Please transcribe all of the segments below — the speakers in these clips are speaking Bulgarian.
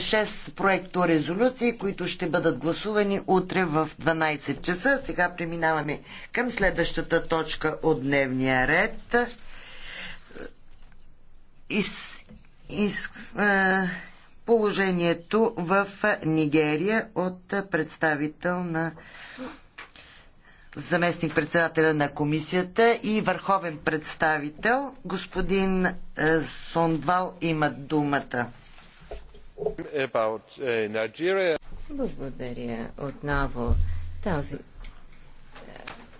6 проекто резолюции, които ще бъдат гласувани утре в 12 часа. Сега преминаваме към следващата точка от дневния ред. Из, из, е, положението в Нигерия от представител на заместник председателя на комисията и върховен представител. Господин Сондвал има думата. Uh, Благодаря отново. Този...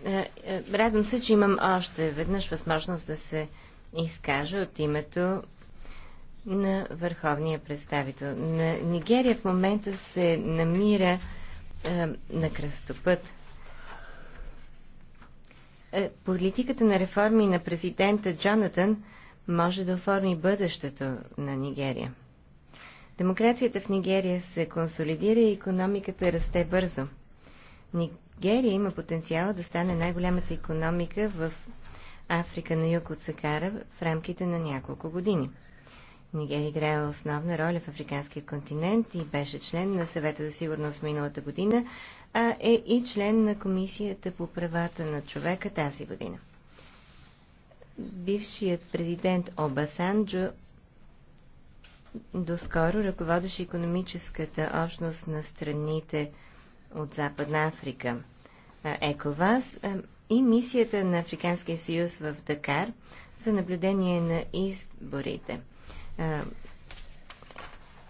Е, е, радвам се, че имам още веднъж възможност да се изкажа от името на върховния представител. На Нигерия в момента се намира е, на кръстопът. Е, политиката на реформи на президента Джонатан може да оформи бъдещето на Нигерия. Демокрацията в Нигерия се консолидира и економиката расте бързо. Нигерия има потенциал да стане най-голямата економика в Африка на юг от Сакара в рамките на няколко години. Нигерия играе основна роля в африканския континент и беше член на съвета за сигурност миналата година, а е и член на комисията по правата на човека тази година. Бившият президент Обасанджо доскоро ръководеше економическата общност на страните от Западна Африка. ЕКОВАС и мисията на Африканския съюз в Дакар за наблюдение на изборите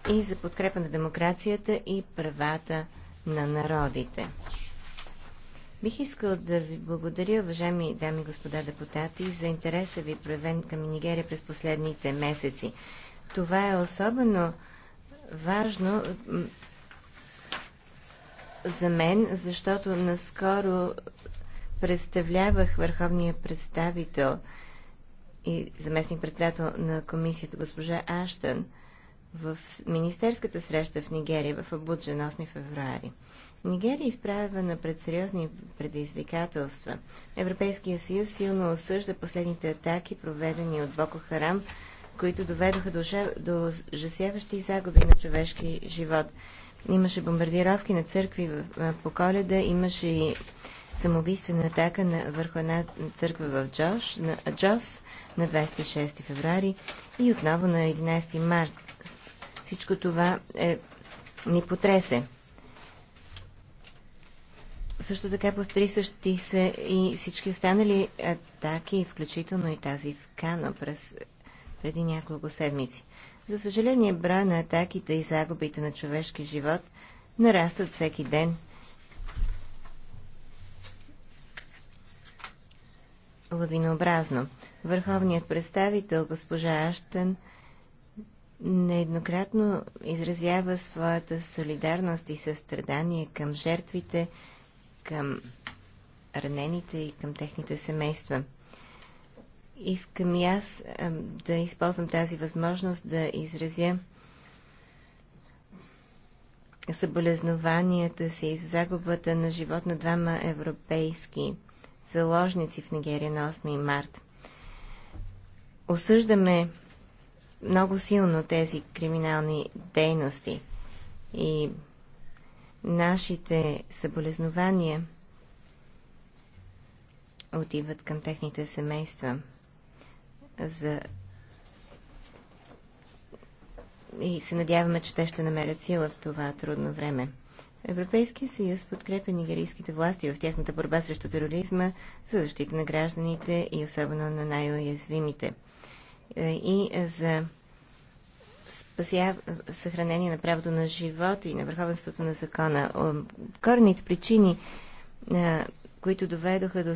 и за подкрепа на демокрацията и правата на народите. Бих искал да ви благодаря, уважаеми дами и господа депутати, за интереса ви проявен към Нигерия през последните месеци. Това е особено важно за мен, защото наскоро представлявах върховния представител и заместник председател на комисията госпожа Аштън в министерската среща в Нигерия в Абуджа на 8 февруари. Нигерия е изправена пред сериозни предизвикателства. Европейския съюз силно осъжда последните атаки, проведени от Боко Харам които доведоха до, до жасяващи загуби на човешки живот. Имаше бомбардировки на църкви по коледа, имаше и самоубийствена атака на, върху една църква в Джош, на, Джос на 26 феврари и отново на 11 март. Всичко това е, ни потресе. Също така повтрисъщи се и всички останали атаки, включително и тази в Кано през преди няколко седмици. За съжаление, броя на атаките и загубите на човешки живот нарастват всеки ден. Лавинообразно. Върховният представител госпожа Аштън нееднократно изразява своята солидарност и състрадание към жертвите, към ранените и към техните семейства. Искам и аз да използвам тази възможност да изразя съболезнованията си за загубата на живот на двама европейски заложници в Нигерия на 8 март. Осъждаме много силно тези криминални дейности и нашите съболезнования отиват към техните семейства за и се надяваме, че те ще намерят сила в това трудно време. Европейския съюз подкрепя нигерийските власти в тяхната борба срещу тероризма за защита на гражданите и особено на най-уязвимите. Е, и за спасяв... съхранение на правото на живот и на върховенството на закона. Корените причини които доведоха до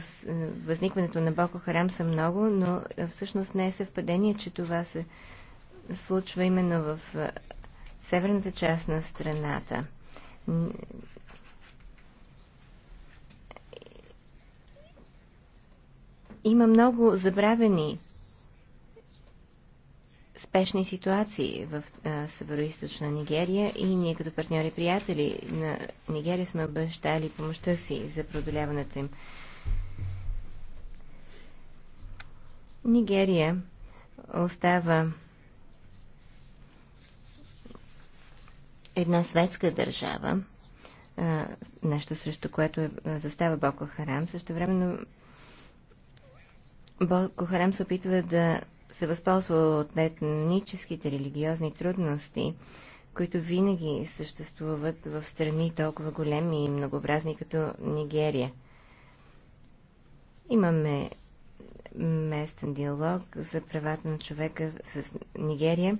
възникването на Боко Харам са много, но всъщност не е съвпадение, че това се случва именно в северната част на страната. Има много забравени спешни ситуации в Северо-Источна Нигерия и ние като партньори приятели на Нигерия сме обещали помощта си за продоляването им. Нигерия остава една светска държава, нещо срещу което е, застава Боко Харам. Също времено Боко Харам се опитва да се възползва от етническите религиозни трудности, които винаги съществуват в страни толкова големи и многообразни като Нигерия. Имаме местен диалог за правата на човека с Нигерия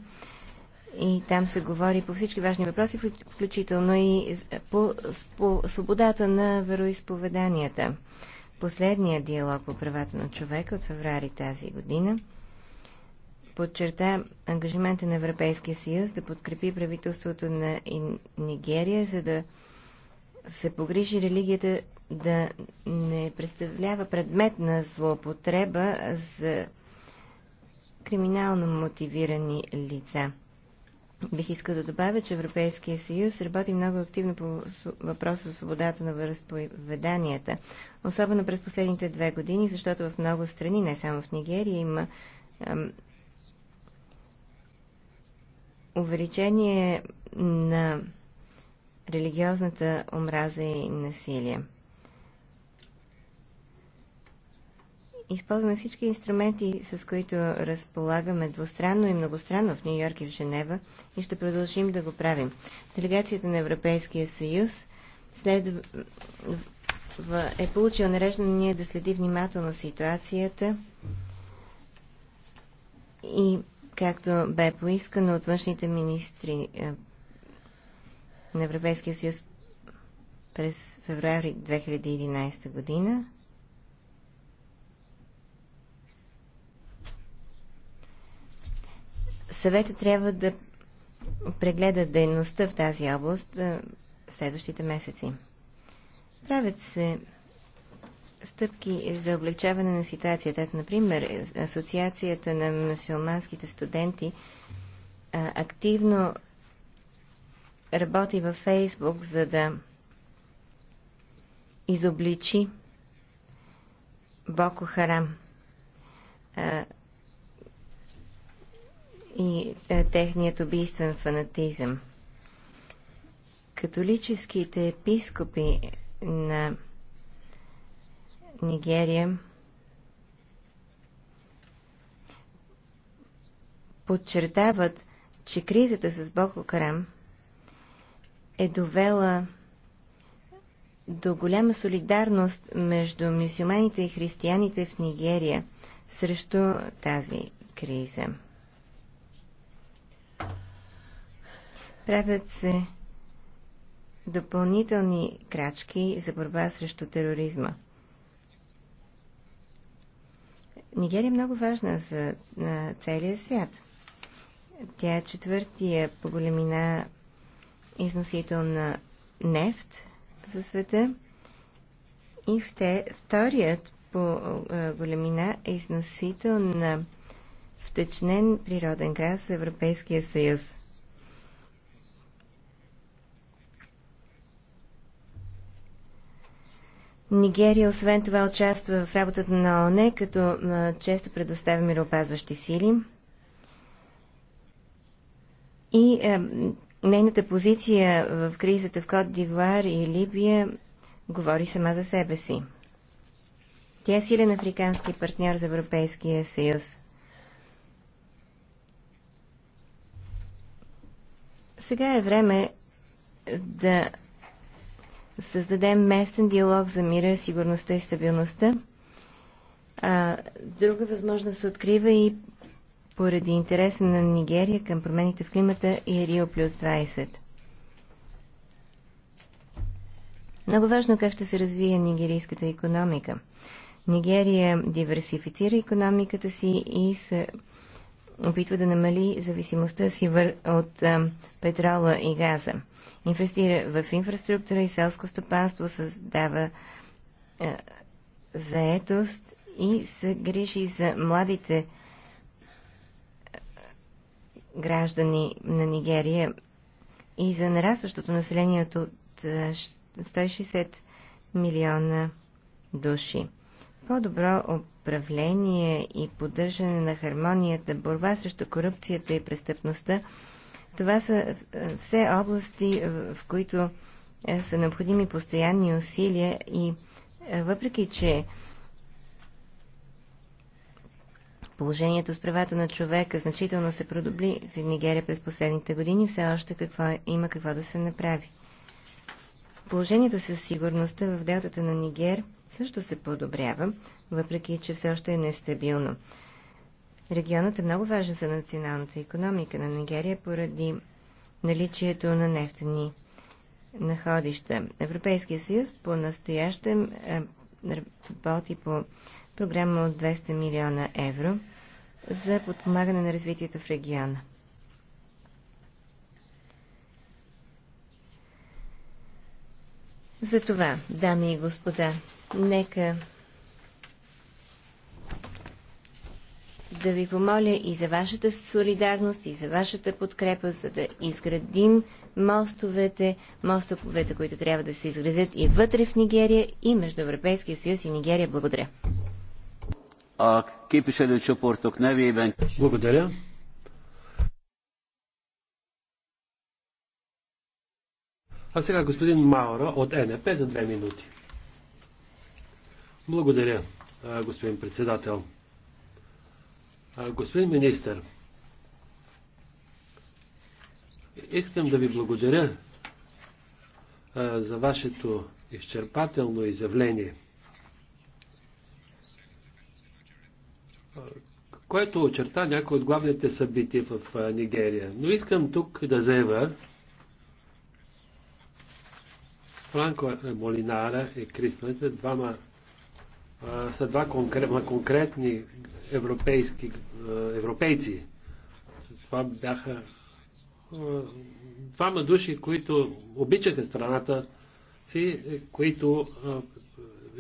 и там се говори по всички важни въпроси, включително и по, по свободата на вероисповеданията. Последният диалог по правата на човека от феврари тази година – подчерта ангажимента на Европейския съюз да подкрепи правителството на Нигерия, за да се погрижи религията да не представлява предмет на злоупотреба за криминално мотивирани лица. Бих искал да добавя, че Европейския съюз работи много активно по въпроса за свободата на възповеданията, особено през последните две години, защото в много страни, не само в Нигерия, има увеличение на религиозната омраза и насилие. Използваме всички инструменти, с които разполагаме двустранно и многостранно в Нью Йорк и в Женева и ще продължим да го правим. Делегацията на Европейския съюз следва, е получила нареждане ние да следи внимателно ситуацията и както бе поискано от външните министри е, на Европейския съюз през февруари 2011 година. Съвета трябва да прегледа дейността в тази област е, в следващите месеци. Правят се стъпки за облегчаване на ситуацията. Ето, например, Асоциацията на мусулманските студенти а, активно работи във Фейсбук, за да изобличи Боко Харам а, и а, техният убийствен фанатизъм. Католическите епископи на Нигерия подчертават, че кризата с Боко Карам е довела до голяма солидарност между мюсюлманите и християните в Нигерия срещу тази криза. Правят се допълнителни крачки за борба срещу тероризма. Нигерия е много важна за целия свят. Тя е четвъртия по големина износител на нефт за света и вторият по е, големина е износител на втечнен природен газ за Европейския съюз. Нигерия освен това участва в работата на ОНЕ, като често предоставя мироопазващи сили. И е, нейната позиция в кризата в Кот Дивуар и Либия говори сама за себе си. Тя е силен африкански партньор за Европейския съюз. Сега е време да създадем местен диалог за мира, сигурността и стабилността. А, друга възможност се открива и поради интереса на Нигерия към промените в климата и Рио плюс 20. Много важно как ще се развие нигерийската економика. Нигерия диверсифицира економиката си и се опитва да намали зависимостта си от петрола и газа. Инвестира в инфраструктура и селско стопанство, създава заетост и се грижи за младите граждани на Нигерия и за нарастващото население от 160 милиона души. По-добро управление и поддържане на хармонията, борба срещу корупцията и престъпността, това са е, все области, в които е, са необходими постоянни усилия и е, въпреки, че положението с правата на човека значително се продобли в Нигерия през последните години, все още какво, има какво да се направи. Положението със сигурността в делтата на Нигер – също се подобрява, въпреки че все още е нестабилно. Регионът е много важен за националната економика на Нигерия поради наличието на нефтени находища. Европейския съюз по настоящем е, работи по програма от 200 милиона евро за подпомагане на развитието в региона. Затова, дами и господа, нека да ви помоля и за вашата солидарност, и за вашата подкрепа, за да изградим мостовете, мостоповете, които трябва да се изградят и вътре в Нигерия, и между Европейския съюз и Нигерия. Благодаря. Е Благодаря. А сега господин Маура от НП за две минути. Благодаря, господин председател. Господин министър, искам да ви благодаря за вашето изчерпателно изявление, което очерта някои от главните събития в Нигерия. Но искам тук да заявя, Франко Молинара и Кристалите, двама а, са два конкрет, конкретни европейски, а, европейци. Това бяха а, двама души, които обичаха страната си, които а,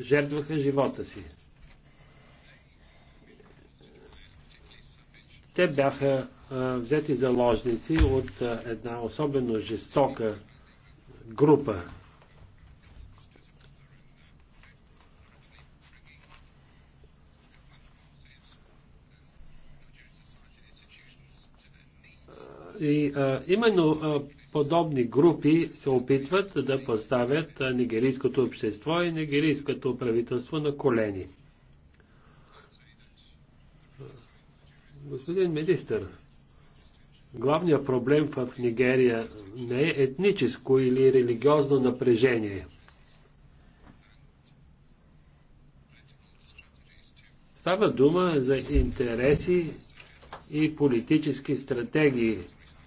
жертваха живота си. Те бяха а, взети заложници от а, една особено жестока група И а, именно а, подобни групи се опитват да поставят нигерийското общество и нигерийското правителство на колени. Господин министър, главният проблем в Нигерия не е етническо или религиозно напрежение. Става дума за интереси и политически стратегии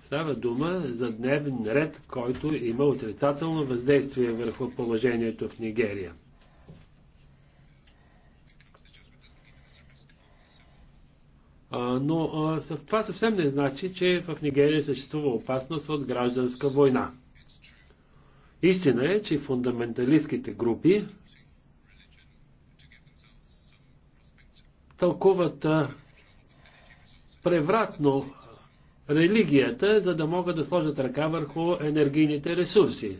Става дума за дневен ред, който има отрицателно въздействие върху положението в Нигерия. но това съвсем не значи, че в Нигерия съществува опасност от гражданска война. Истина е, че фундаменталистските групи тълкуват превратно религията, за да могат да сложат ръка върху енергийните ресурси.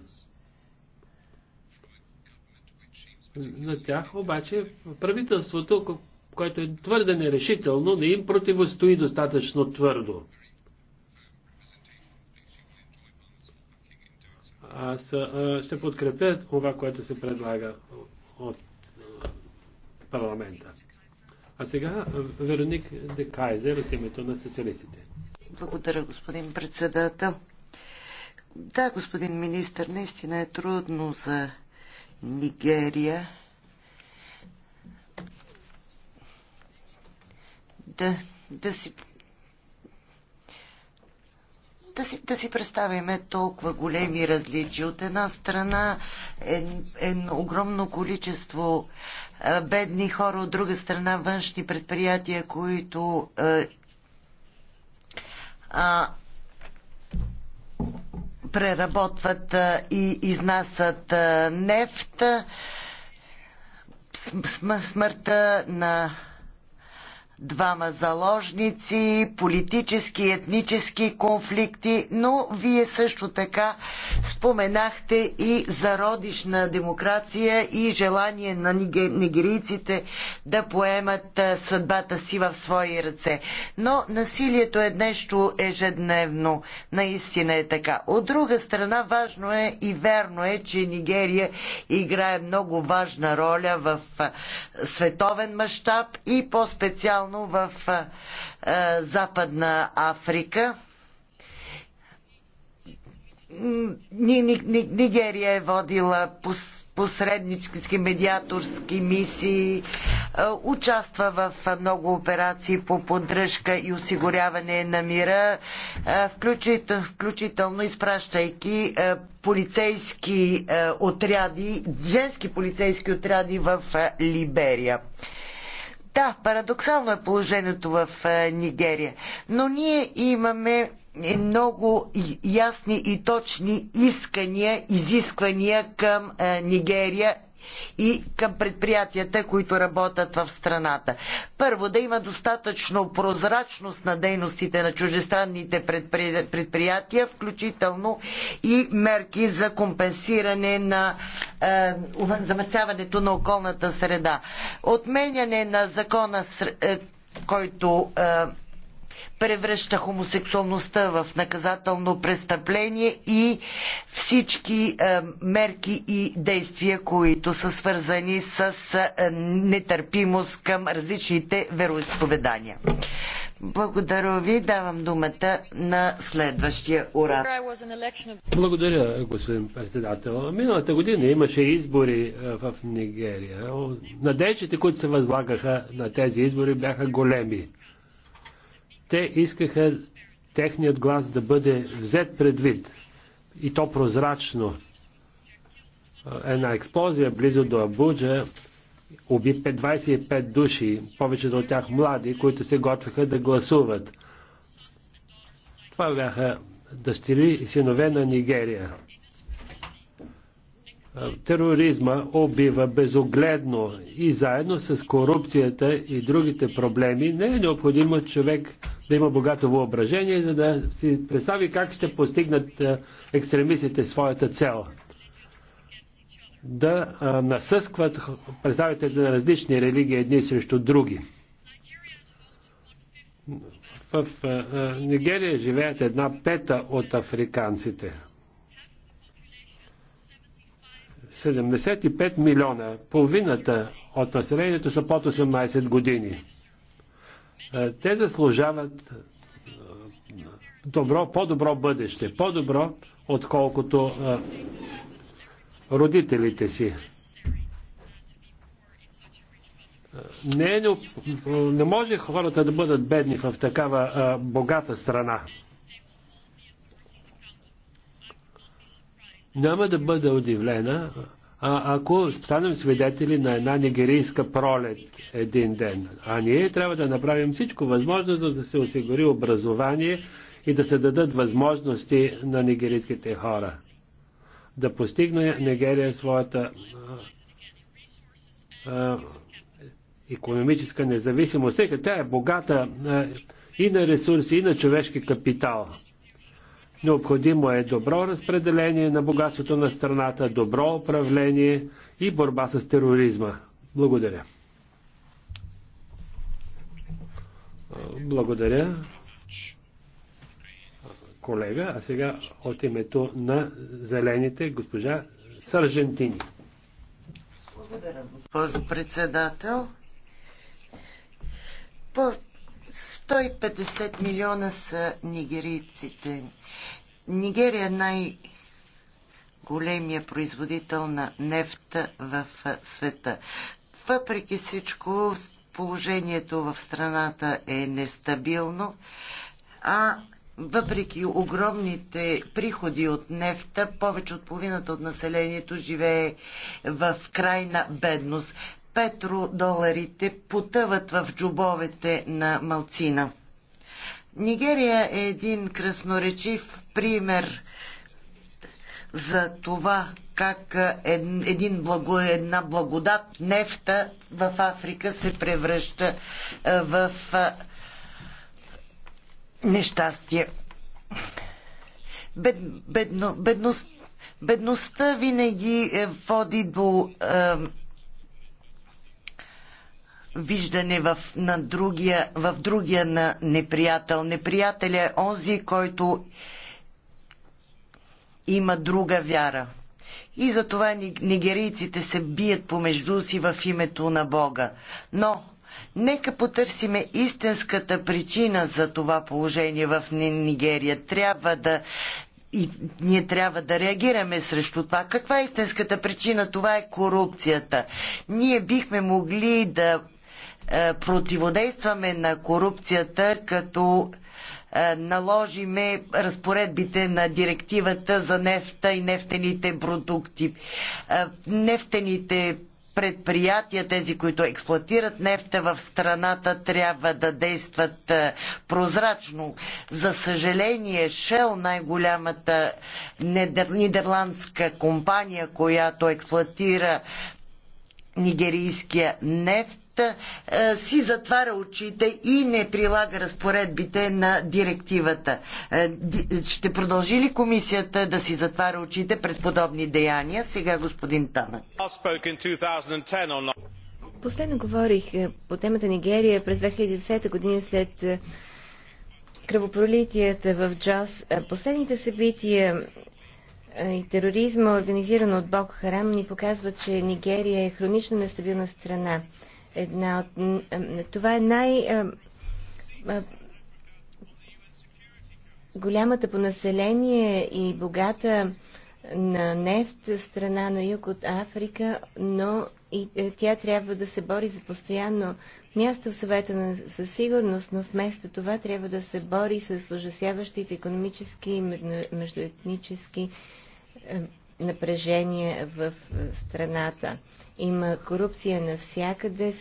На тях обаче правителството, което е твърде нерешително, не им противостои достатъчно твърдо. Аз ще подкрепя това, което се предлага от парламента. А сега Вероник Декайзер от името на социалистите. Благодаря, господин председател. Да, господин министр, наистина е трудно за Нигерия да, да си да си, да си представиме толкова големи различия. От една страна е, е огромно количество бедни хора, от друга страна външни предприятия, които е, а, преработват а, и изнасят а, нефт. Смъртта на двама заложници, политически и етнически конфликти, но вие също така споменахте и зародишна демокрация и желание на нигерийците да поемат съдбата си в свои ръце. Но насилието е нещо ежедневно. Наистина е така. От друга страна, важно е и верно е, че Нигерия играе много важна роля в световен мащаб и по-специално специално в Западна Африка. Нигерия е водила посреднически, медиаторски мисии, участва в много операции по поддръжка и осигуряване на мира, включително изпращайки полицейски отряди, женски полицейски отряди в Либерия. Да, парадоксално е положението в е, Нигерия, но ние имаме е, много ясни и точни искания, изисквания към е, Нигерия и към предприятията, които работят в страната. Първо, да има достатъчно прозрачност на дейностите на чужестранните предприятия, включително и мерки за компенсиране на е, замърсяването на околната среда. Отменяне на закона, е, който. Е, превръща хомосексуалността в наказателно престъпление и всички е, мерки и действия, които са свързани с е, нетърпимост към различните вероисповедания. Благодаря ви. Давам думата на следващия ура. Благодаря, господин председател. Миналата година имаше избори е, в Нигерия. Надеждите, които се възлагаха на тези избори, бяха големи. Те искаха техният глас да бъде взет предвид и то прозрачно. Една експлозия близо до Абуджа уби 25 души, повечето от тях млади, които се готвиха да гласуват. Това бяха дъщери и синове на Нигерия. Тероризма убива безогледно и заедно с корупцията и другите проблеми не е необходимо човек да има богато въображение, за да си представи как ще постигнат екстремистите своята цел. Да насъскват представителите на различни религии едни срещу други. В Нигерия живеят една пета от африканците. 75 милиона, половината от населението са под 18 години. Е, те заслужават е, добро, по-добро бъдеще, по-добро, отколкото е, родителите си. Не, е, не може хората да бъдат бедни в такава а, богата страна. Няма да бъда удивлена, а, ако станем свидетели на една нигерийска пролет един ден. А ние трябва да направим всичко възможно, за да се осигури образование и да се дадат възможности на нигерийските хора да постигне Нигерия своята а, а, економическа независимост, тъй като тя е богата а, и на ресурси, и на човешки капитал. Необходимо е добро разпределение на богатството на страната, добро управление и борба с тероризма. Благодаря. Благодаря, колега. А сега от името на зелените госпожа Саржентини. Благодаря, госпожо председател. По 150 милиона са нигерийците Нигерия е най- големия производител на нефта в света. Въпреки всичко, положението в страната е нестабилно, а въпреки огромните приходи от нефта, повече от половината от населението живее в крайна бедност. Петродоларите потъват в джобовете на малцина. Нигерия е един красноречив пример за това как един благо, една благодат нефта в Африка се превръща в нещастие. Бед, бедно, бедност, бедността винаги е, води до виждане в, на другия, в другия на неприятел. Неприятеля е онзи, който има друга вяра. И затова нигерийците се бият помежду си в името на Бога. Но Нека потърсиме истинската причина за това положение в Нигерия. Трябва да и ние трябва да реагираме срещу това. Каква е истинската причина? Това е корупцията. Ние бихме могли да е, противодействаме на корупцията, като е, наложиме разпоредбите на директивата за нефта и нефтените продукти. Е, нефтените предприятия, тези, които експлоатират нефта в страната, трябва да действат прозрачно. За съжаление, Шел, най-голямата нидерландска компания, която експлоатира нигерийския нефт, е, си затваря очите и не прилага разпоредбите на директивата. Е, ще продължи ли комисията да си затваря очите пред подобни деяния? Сега господин Танък. Последно говорих е, по темата Нигерия през 2010 година след кръвопролитията в Джаз, Последните събития и тероризма, организиран от Боко Харам, ни показва, че Нигерия е хронично нестабилна страна една от... Това е най... голямата по население и богата на нефт страна на юг от Африка, но и е, тя трябва да се бори за постоянно място в съвета на, със сигурност, но вместо това трябва да се бори с ужасяващите економически и междуетнически напрежение в е, страната. Има корупция навсякъде,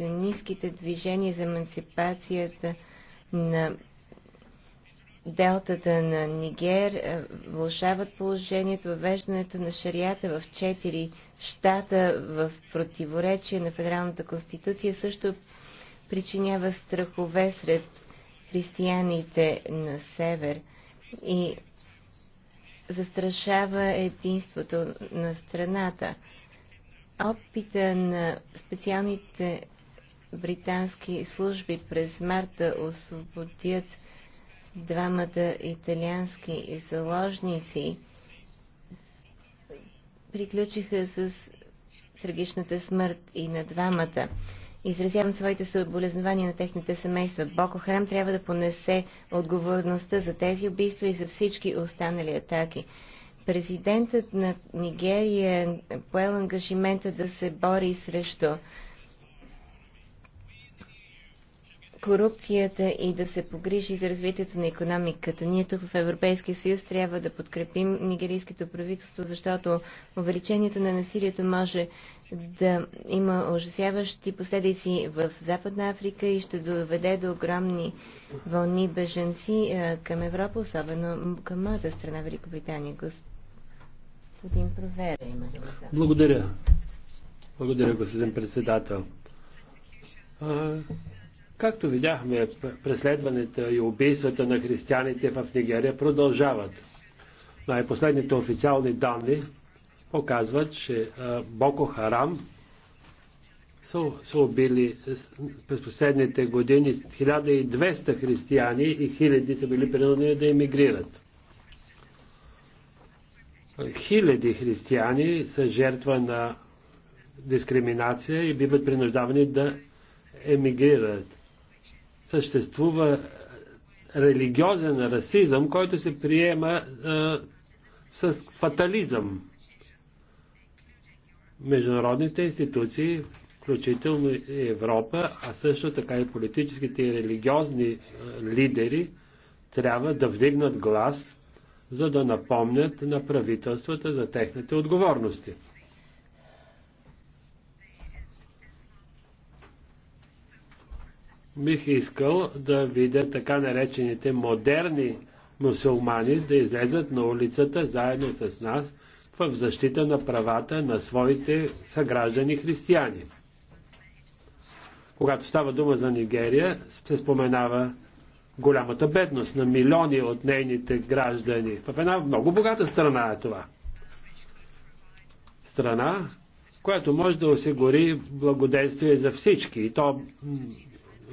ниските движения за емансипацията на Делтата на Нигер е, влушават положението, въвеждането на шарията в четири щата в противоречие на Федералната конституция също причинява страхове сред християните на север. И застрашава единството на страната. Опита на специалните британски служби през марта освободят двамата италиански заложници. Приключиха с трагичната смърт и на двамата. Изразявам своите съболезнования на техните семейства. Боко Харам трябва да понесе отговорността за тези убийства и за всички останали атаки. Президентът на Нигерия е поел ангажимента да се бори срещу корупцията и да се погрижи за развитието на економиката. Ние тук в Европейския съюз трябва да подкрепим нигерийското правителство, защото увеличението на насилието може да има ужасяващи последици в Западна Африка и ще доведе до огромни вълни беженци към Европа, особено към моята страна Великобритания. Господин Провера има да. Благодаря. Благодаря, господин председател. Както видяхме, преследването и убийствата на християните в Нигерия продължават. Най-последните официални данни показват, че Боко Харам са, са убили през последните години 1200 християни и хиляди са били принудени да емигрират. Хиляди християни са жертва на дискриминация и биват принуждавани да емигрират съществува е, религиозен расизъм, който се приема а, е, с фатализъм. Международните институции, включително и Европа, а също така и политическите и религиозни а, е, лидери, трябва да вдигнат глас, за да напомнят на правителствата за техните отговорности. бих искал да видя така наречените модерни мусулмани да излезат на улицата заедно с нас в защита на правата на своите съграждани християни. Когато става дума за Нигерия, се споменава голямата бедност на милиони от нейните граждани. В една много богата страна е това. Страна, която може да осигури благодействие за всички. И то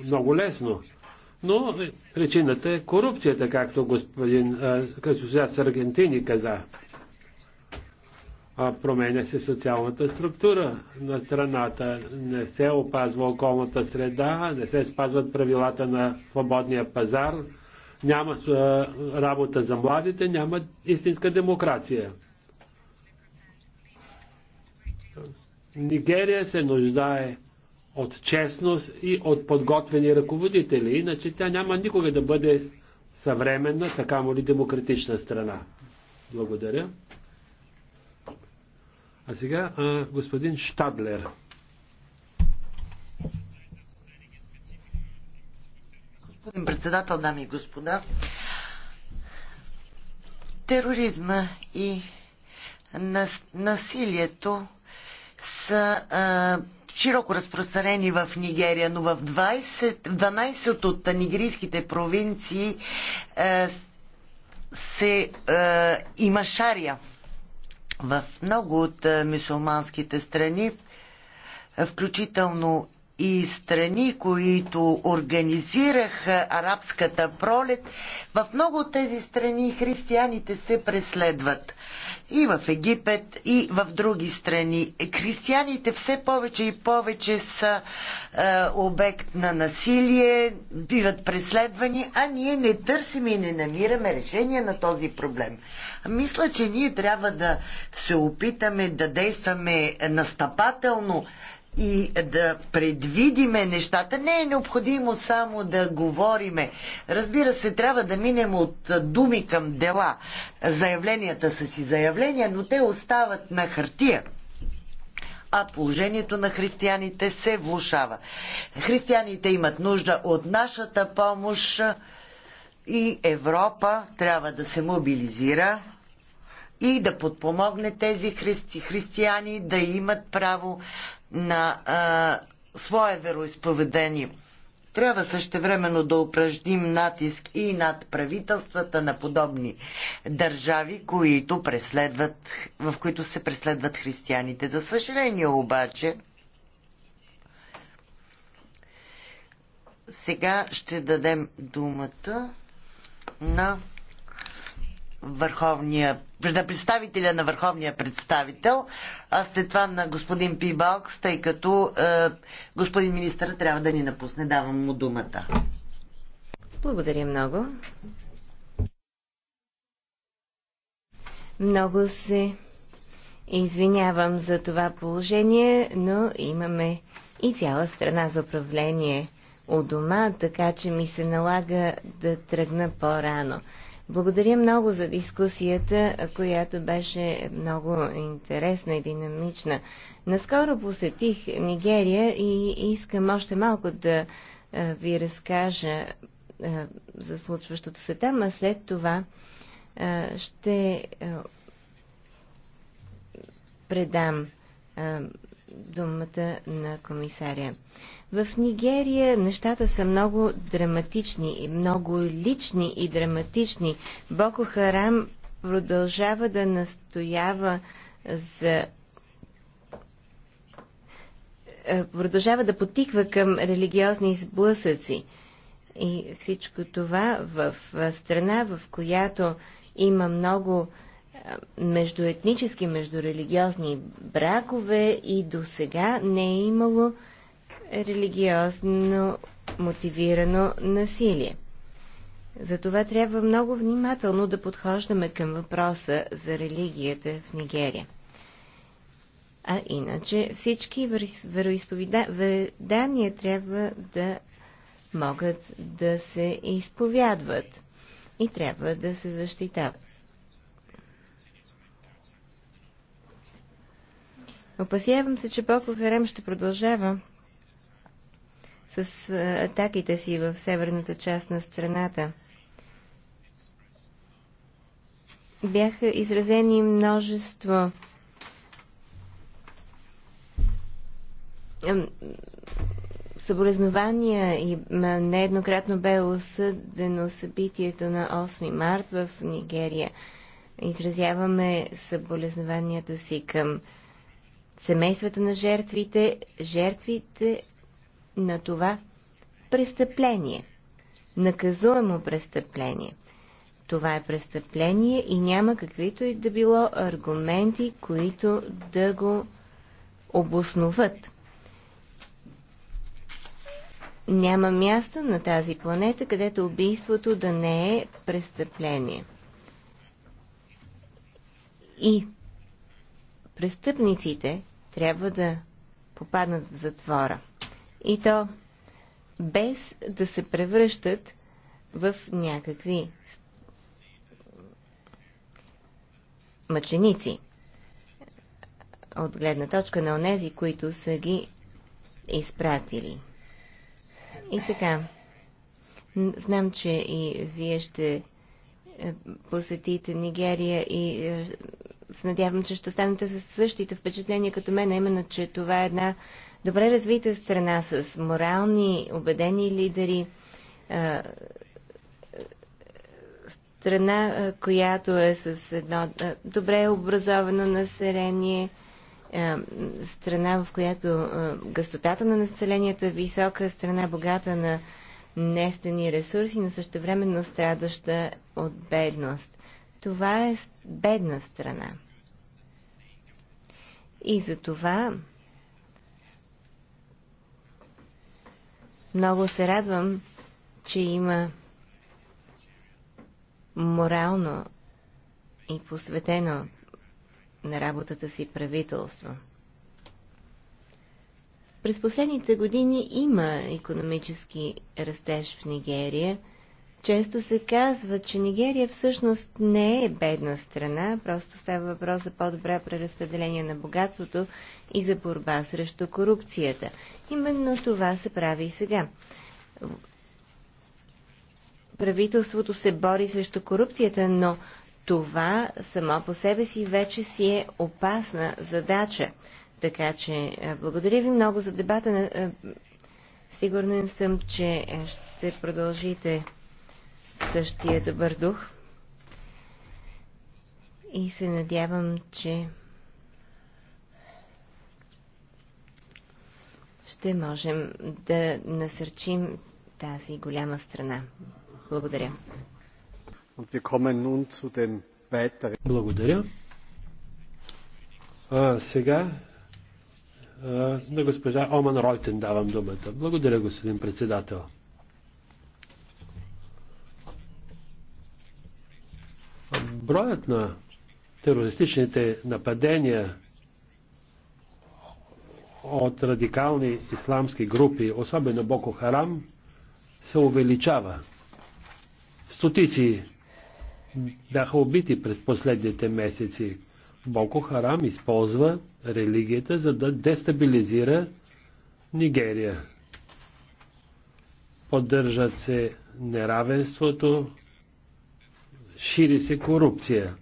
много лесно. Но причината е корупцията, както господин Касусия Саргентини каза. А променя се социалната структура на страната, не се опазва околната среда, не се спазват правилата на свободния пазар, няма работа за младите, няма истинска демокрация. Нигерия се нуждае от честност и от подготвени ръководители. Иначе тя няма никога да бъде съвременна, така му ли демократична страна. Благодаря. А сега а, господин Штадлер. Господин председател, дами и господа, тероризма и насилието са а, широко разпространени в Нигерия, но в 20, 12 от нигерийските провинции е, се е, има шария. В много от е, мусулманските страни, е, включително и страни, които организираха арабската пролет, в много от тези страни християните се преследват. И в Египет, и в други страни. Християните все повече и повече са е, обект на насилие, биват преследвани, а ние не търсим и не намираме решение на този проблем. Мисля, че ние трябва да се опитаме да действаме настъпателно и да предвидиме нещата. Не е необходимо само да говориме. Разбира се, трябва да минем от думи към дела. Заявленията са си заявления, но те остават на хартия а положението на християните се влушава. Християните имат нужда от нашата помощ и Европа трябва да се мобилизира и да подпомогне тези христи, християни да имат право на а, свое вероисповедение. Трябва същевременно да упражним натиск и над правителствата на подобни държави, които преследват, в които се преследват християните. За съжаление обаче, сега ще дадем думата на върховния, на представителя на върховния представител, а след това на господин Пибалкс, тъй като е, господин министър трябва да ни напусне. Давам му думата. Благодаря много. Много се извинявам за това положение, но имаме и цяла страна за управление у дома, така че ми се налага да тръгна по-рано. Благодаря много за дискусията, която беше много интересна и динамична. Наскоро посетих Нигерия и искам още малко да е, ви разкажа е, за случващото се там, а след това е, ще предам думата на комисаря. В Нигерия нещата са много драматични, много лични и драматични. Боко Харам продължава да настоява за е, продължава да потиква към религиозни сблъсъци. И всичко това в страна, в която има много е, междуетнически, междурелигиозни бракове и до сега не е имало религиозно мотивирано насилие. Затова трябва много внимателно да подхождаме към въпроса за религията в Нигерия. А иначе всички вероисповедания трябва да могат да се изповядват и трябва да се защитават. Опасявам се, че Боко Харем ще продължава с атаките си в северната част на страната. Бяха изразени множество съболезнования и нееднократно бе осъдено събитието на 8 март в Нигерия. Изразяваме съболезнованията си към семействата на жертвите, жертвите на това престъпление. Наказуемо престъпление. Това е престъпление и няма каквито и да било аргументи, които да го обосноват. Няма място на тази планета, където убийството да не е престъпление. И престъпниците трябва да попаднат в затвора и то без да се превръщат в някакви мъченици от гледна точка на онези, които са ги изпратили. И така, знам, че и вие ще е, посетите Нигерия и е, се надявам, че ще останете с същите впечатления като мен, именно, че това е една добре развита страна с морални, убедени лидери, страна, която е с едно добре образовано население, страна, в която гъстотата на населението е висока, страна богата на нефтени ресурси, но същевременно страдаща от бедност. Това е бедна страна. И за това Много се радвам, че има морално и посветено на работата си правителство. През последните години има економически растеж в Нигерия – често се казва, че Нигерия всъщност не е бедна страна, просто става въпрос за по-добра преразпределение на богатството и за борба срещу корупцията. Именно това се прави и сега. Правителството се бори срещу корупцията, но това само по себе си вече си е опасна задача. Така че е, благодаря ви много за дебата. Е, е, сигурен съм, че ще продължите същия добър дух и се надявам, че ще можем да насърчим тази голяма страна. Благодаря. Благодаря. А, сега а, на госпожа Оман Ройтен давам думата. Благодаря, господин председател. броят на терористичните нападения от радикални исламски групи, особено Боко Харам, се увеличава. Стотици бяха убити през последните месеци. Боко Харам използва религията, за да дестабилизира Нигерия. Поддържат се неравенството, Шири се корупция.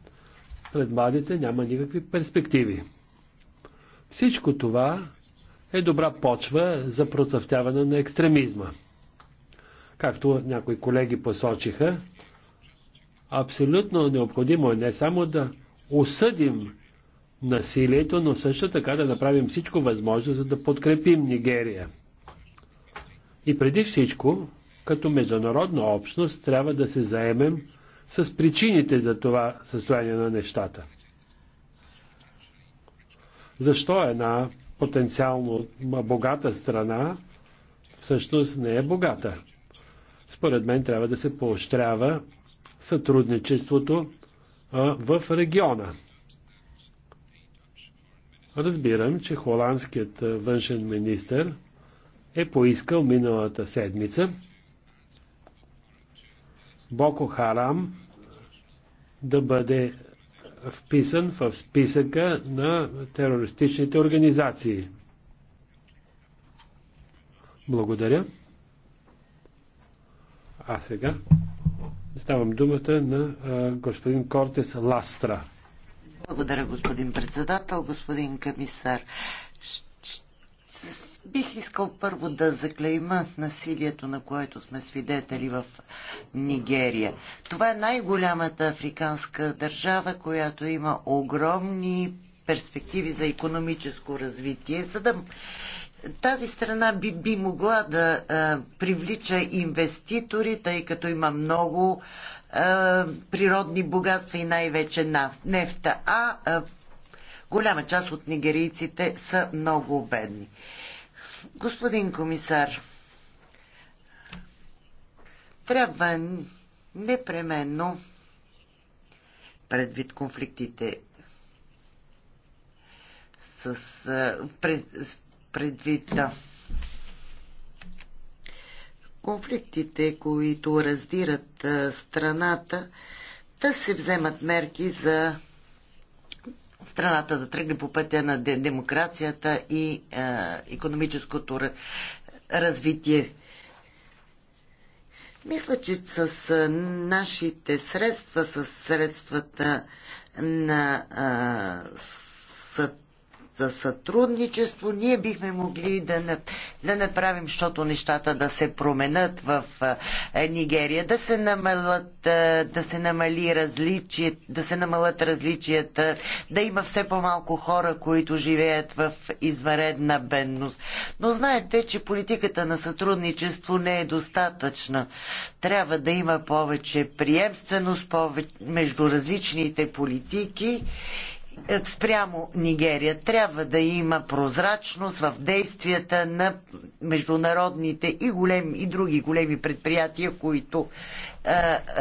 Пред младите няма никакви перспективи. Всичко това е добра почва за процъфтяване на екстремизма. Както някои колеги посочиха, абсолютно необходимо е не само да осъдим насилието, но също така да направим всичко възможно, за да подкрепим Нигерия. И преди всичко, като международна общност, трябва да се заемем с причините за това състояние на нещата. Защо една потенциално богата страна всъщност не е богата? Според мен трябва да се поощрява сътрудничеството в региона. Разбирам, че холандският външен министр е поискал миналата седмица Боко Харам да бъде вписан в списъка на терористичните организации. Благодаря. А сега ставам думата на господин Кортес Ластра. Благодаря, господин председател, господин комисар. Бих искал първо да заклейма насилието, на което сме свидетели в Нигерия. Това е най-голямата африканска държава, която има огромни перспективи за економическо развитие, за да тази страна би, би могла да а, привлича инвеститори, тъй като има много а, природни богатства и най-вече нефта. А, а голяма част от нигерийците са много бедни. А, Господин комисар, трябва непременно предвид конфликтите с пред, предвид конфликтите, които раздират страната, да се вземат мерки за страната да тръгне по пътя на демокрацията и економическото развитие. Мисля, че с е, нашите средства, с средствата на а, е, съд за сътрудничество, ние бихме могли да, да направим, защото нещата да се променят в е, Нигерия, да се намалят, е, да се намали различие, да се намалят различията, да има все по-малко хора, които живеят в изваредна бедност. Но знаете, че политиката на сътрудничество не е достатъчна. Трябва да има повече приемственост повече, между различните политики е, спрямо Нигерия. Трябва да има прозрачност в действията на международните и, големи, и други големи предприятия, които е,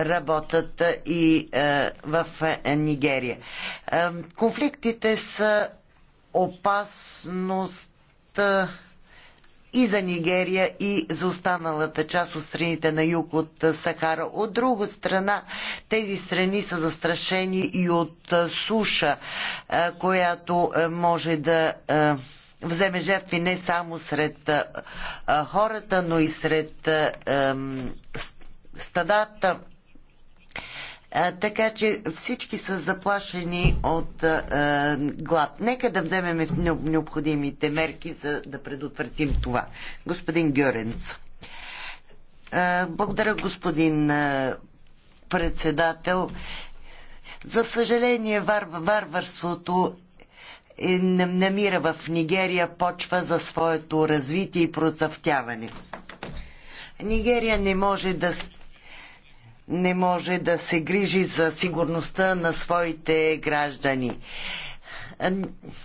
работят е, и е, в е, Нигерия. Е, конфликтите са опасност и за Нигерия, и за останалата част от страните на юг от Сахара. От друга страна, тези страни са застрашени и от суша, която може да вземе жертви не само сред хората, но и сред стадата така че всички са заплашени от а, глад. Нека да вземем необходимите мерки, за да предотвратим това. Господин Гьоренц. благодаря, господин а, председател. За съжаление, вар, варварството е, намира в Нигерия почва за своето развитие и процъфтяване. Нигерия не може да, не може да се грижи за сигурността на своите граждани.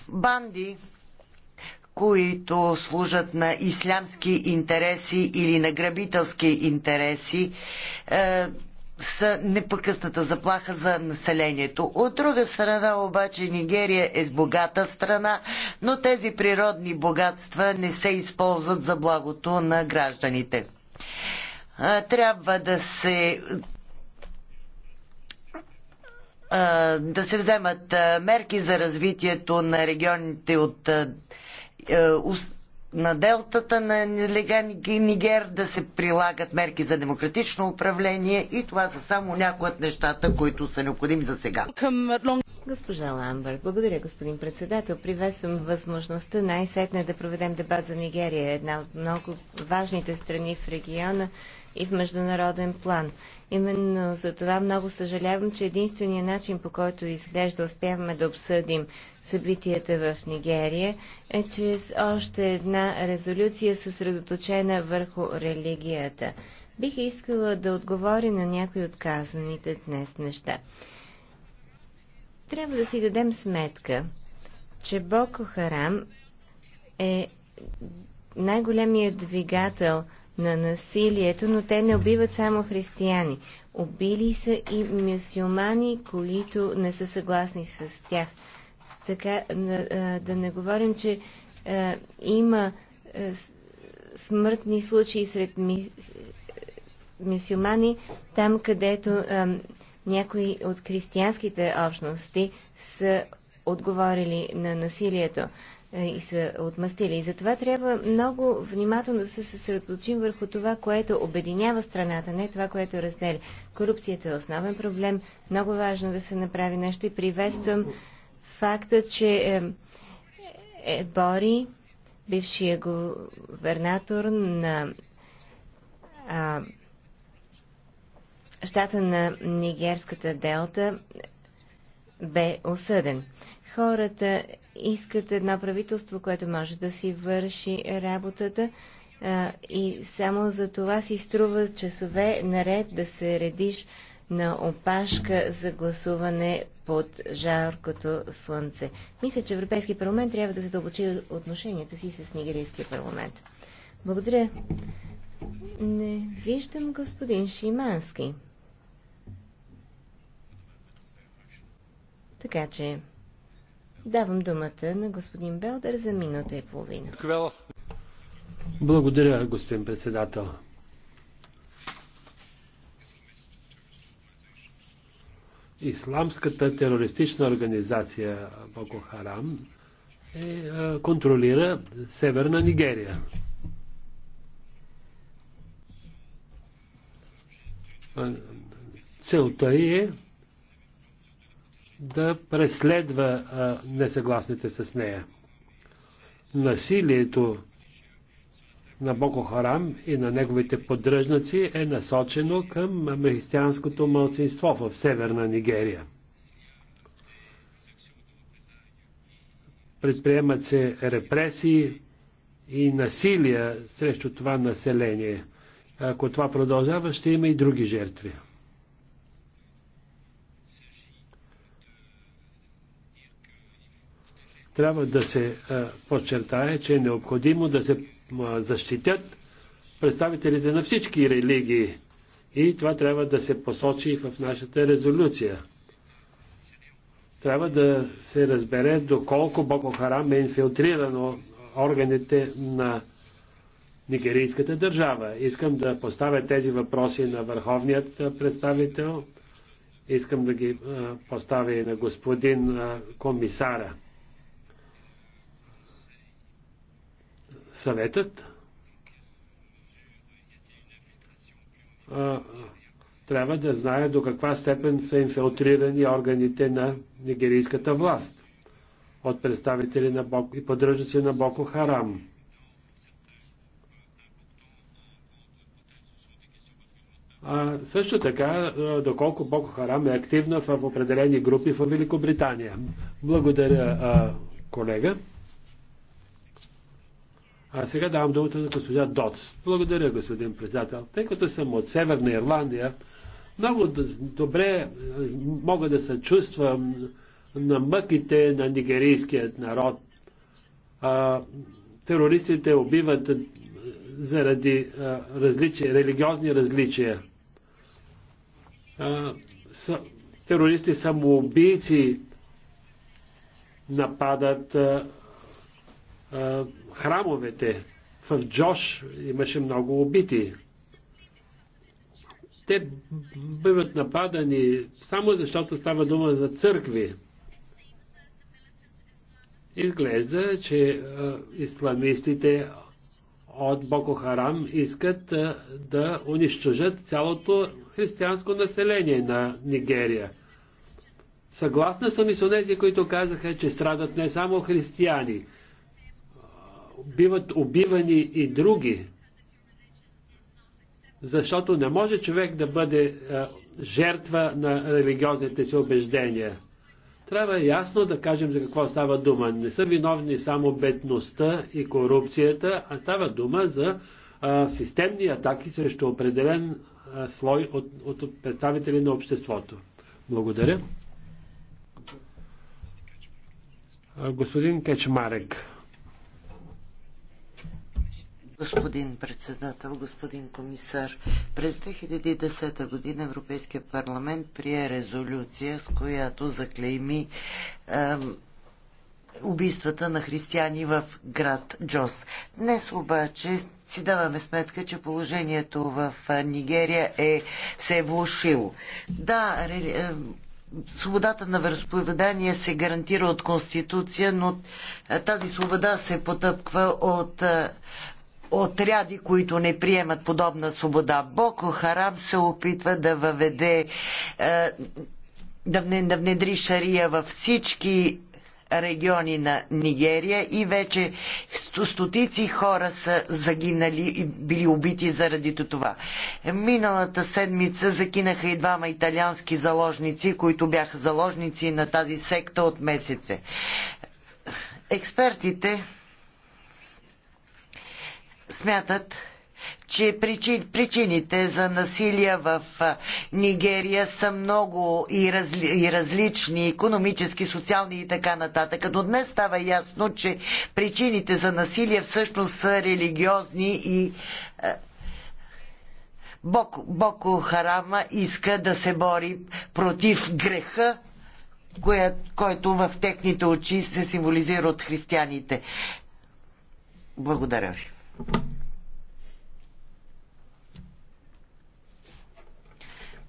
Банди, които служат на ислямски интереси или на грабителски интереси, е, са непрекъсната заплаха за населението. От друга страна обаче Нигерия е с богата страна, но тези природни богатства не се използват за благото на гражданите трябва да се да се вземат мерки за развитието на регионите от е, на делтата на Нигер, да се прилагат мерки за демократично управление и това са само някои от нещата, които са необходими за сега. Госпожа Ламбър, благодаря господин председател. Привесвам възможността най-сетне да проведем дебат за Нигерия, една от много важните страни в региона и в международен план. Именно за това много съжалявам, че единственият начин, по който изглежда успяваме да обсъдим събитията в Нигерия, е чрез още една резолюция, съсредоточена върху религията. Бих искала да отговори на някои от казаните днес неща. Трябва да си дадем сметка, че Боко Харам е най-големият двигател – на насилието, но те не убиват само християни. Убили са и мюсюлмани, които не са съгласни с тях. Така, да не говорим, че има смъртни случаи сред ми, мюсюлмани, там където някои от християнските общности са отговорили на насилието. Е, и са отмъстили. И затова трябва много внимателно да се съсредоточим върху това, което обединява страната, не това, което разделя. Корупцията е основен проблем. Много важно е да се направи нещо и приветствам факта, че е, е, Бори, бившия губернатор на а, щата на Нигерската делта, бе осъден. Хората искат едно правителство, което може да си върши работата а, и само за това си струва часове наред да се редиш на опашка за гласуване под жаркото слънце. Мисля, че Европейски парламент трябва да задълбочи отношенията си с Нигерийския парламент. Благодаря. Не виждам господин Шимански. Така че Давам думата на господин Белдър за минута и половина. Благодаря, господин председател. Исламската терористична организация Боко Харам е, контролира северна Нигерия. Целта е да преследва а, несъгласните с нея. Насилието на Боко Харам и на неговите поддръжници е насочено към християнското мълцинство в северна Нигерия. Предприемат се репресии и насилия срещу това население. Ако това продължава, ще има и други жертви. трябва да се подчертае, че е необходимо да се защитят представителите на всички религии. И това трябва да се посочи и в нашата резолюция. Трябва да се разбере доколко Боко Харам е инфилтрирано органите на нигерийската държава. Искам да поставя тези въпроси на върховният представител. Искам да ги поставя и на господин комисара. Съветът а, трябва да знае до каква степен са инфилтрирани органите на нигерийската власт от представители на Бок и поддръжници на Боко Харам. А, също така, доколко Боко Харам е активна в определени групи в Великобритания. Благодаря, колега. А сега давам думата на господин Доц. Благодаря, господин председател. Тъй като съм от Северна Ирландия, много добре е, мога да се чувствам на мъките на нигерийският народ. А, терористите убиват е, заради а, е, различия, религиозни различия. А, са, терористи самоубийци нападат а, а, храмовете. В Джош имаше много убити. Те биват нападани само защото става дума за църкви. Изглежда, че исламистите от Боко Харам искат да унищожат цялото християнско население на Нигерия. Съгласна съм и с онези, които казаха, че страдат не само християни биват убивани и други, защото не може човек да бъде а, е, жертва на религиозните си убеждения. Трябва ясно да кажем за какво става дума. Не са виновни само бедността и корупцията, а става дума за а, е, системни атаки срещу определен а, е, слой от, от представители на обществото. Благодаря. Господин Кечмарек. Господин председател, господин комисар, през 2010 година Европейския парламент прие резолюция, с която заклейми ем, убийствата на християни в град Джос. Днес обаче си даваме сметка, че положението в Нигерия е, се е влушило. Да, ре, е, свободата на вероисповедание се гарантира от Конституция, но тази свобода се потъпква от отряди, които не приемат подобна свобода. Боко Харам се опитва да въведе, е, да внедри шария във всички региони на Нигерия и вече стотици хора са загинали и били убити заради това. Миналата седмица закинаха и двама италиански заложници, които бяха заложници на тази секта от месеце. Експертите смятат, че причините за насилие в Нигерия са много и, разли, и различни, економически, социални и така нататък. Но днес става ясно, че причините за насилие всъщност са религиозни и Боко, Боко Харама иска да се бори против греха, коя, който в техните очи се символизира от християните. Благодаря ви.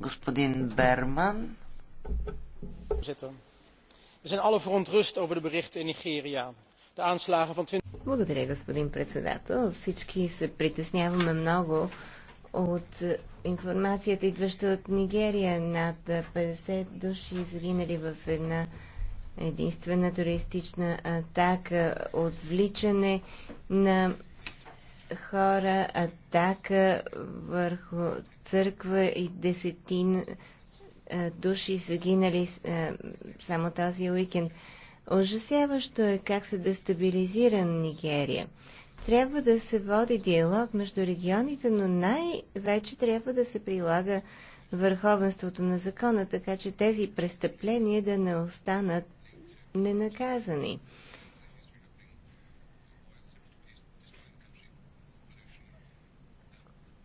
Господин Берман. Благодаря, господин председател. Всички се притесняваме много от е, информацията, идваща от Нигерия. Над 50 души загинали в една единствена туристична атака, отвличане на хора, атака върху църква и десетин е, души загинали е, само този уикенд. Ужасяващо е как се дестабилизира Нигерия. Трябва да се води диалог между регионите, но най-вече трябва да се прилага върховенството на закона, така че тези престъпления да не останат ненаказани.